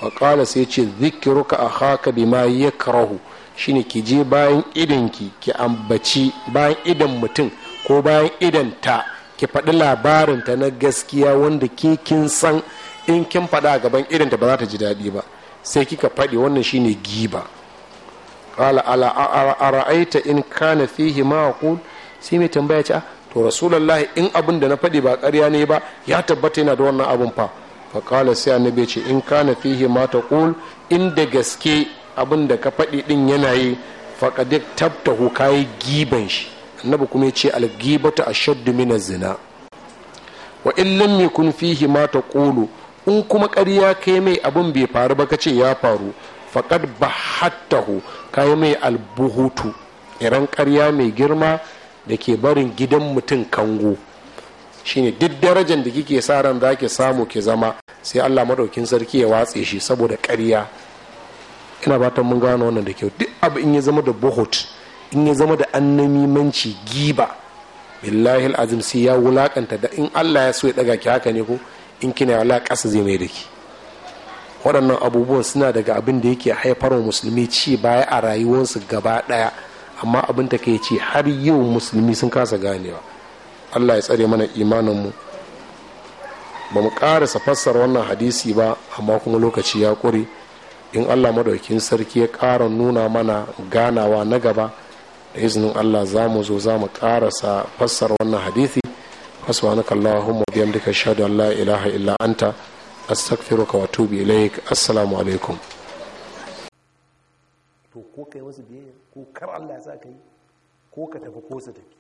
faƙala sai ce zikiruka a haka bi ma ya karahu shine ki je bayan idanki ki ambaci bayan idan mutum ko bayan idan ta ki faɗi labarinta na gaskiya wanda ke kin san in kin faɗa a gaban ta ba za ta ji daɗi ba sai kika faɗi wannan shine giba qala ala ara'aita in kana fihi ma aqul sai mai tambaya ce to rasulullahi in abin da na faɗi ba ƙarya ne ba ya tabbata yana da wannan abin fa fa qala sai annabi ce in kana fihi ma taqul in da gaske abin da ka faɗi din yana yi faqad tabtahu kai giban shi annabi kuma ya ce al ghibatu ashaddu min zina wa in lam yakun fihi ma taqulu in kuma ƙarya kai mai abin bai faru ba kace ya faru hatta bahattahu ka yi mai albuhutu iran karya mai girma da ke barin gidan mutum kango shine duk darajar da kike sa ran za ki samu ki zama sai allah maɗaukin sarki ya watse shi saboda karya ina fatan mun gano wannan da kyau duk abu in ya zama da buhut in ya zama da annamimanci giba billahi azim sai ya wulakanta da in allah ya so ya daga ki haka ne ko in kina wala kasa zai mai da ki waɗannan abubuwan suna daga abin da yake haifar wa musulmi ci baya a rayuwarsu gaba ɗaya amma abin ta ce har yau musulmi sun kasa ganewa allah ya tsare mana imaninmu ba mu ƙarasa fassara wannan hadisi ba amma kuma lokaci ya ƙure in allah maɗaukin sarki ya ƙara nuna mana ganawa na gaba da izinin allah za mu zo za mu ƙarasa fassara wannan hadisi fasbanaka allahumma biyamdika shahadu allah ilaha illa anta astaghfiruka wa atubu ilaik assalamu alaikum to ko kai wasu biyayya ko kar Allah ya sa kai ko ka tafi ko su tafi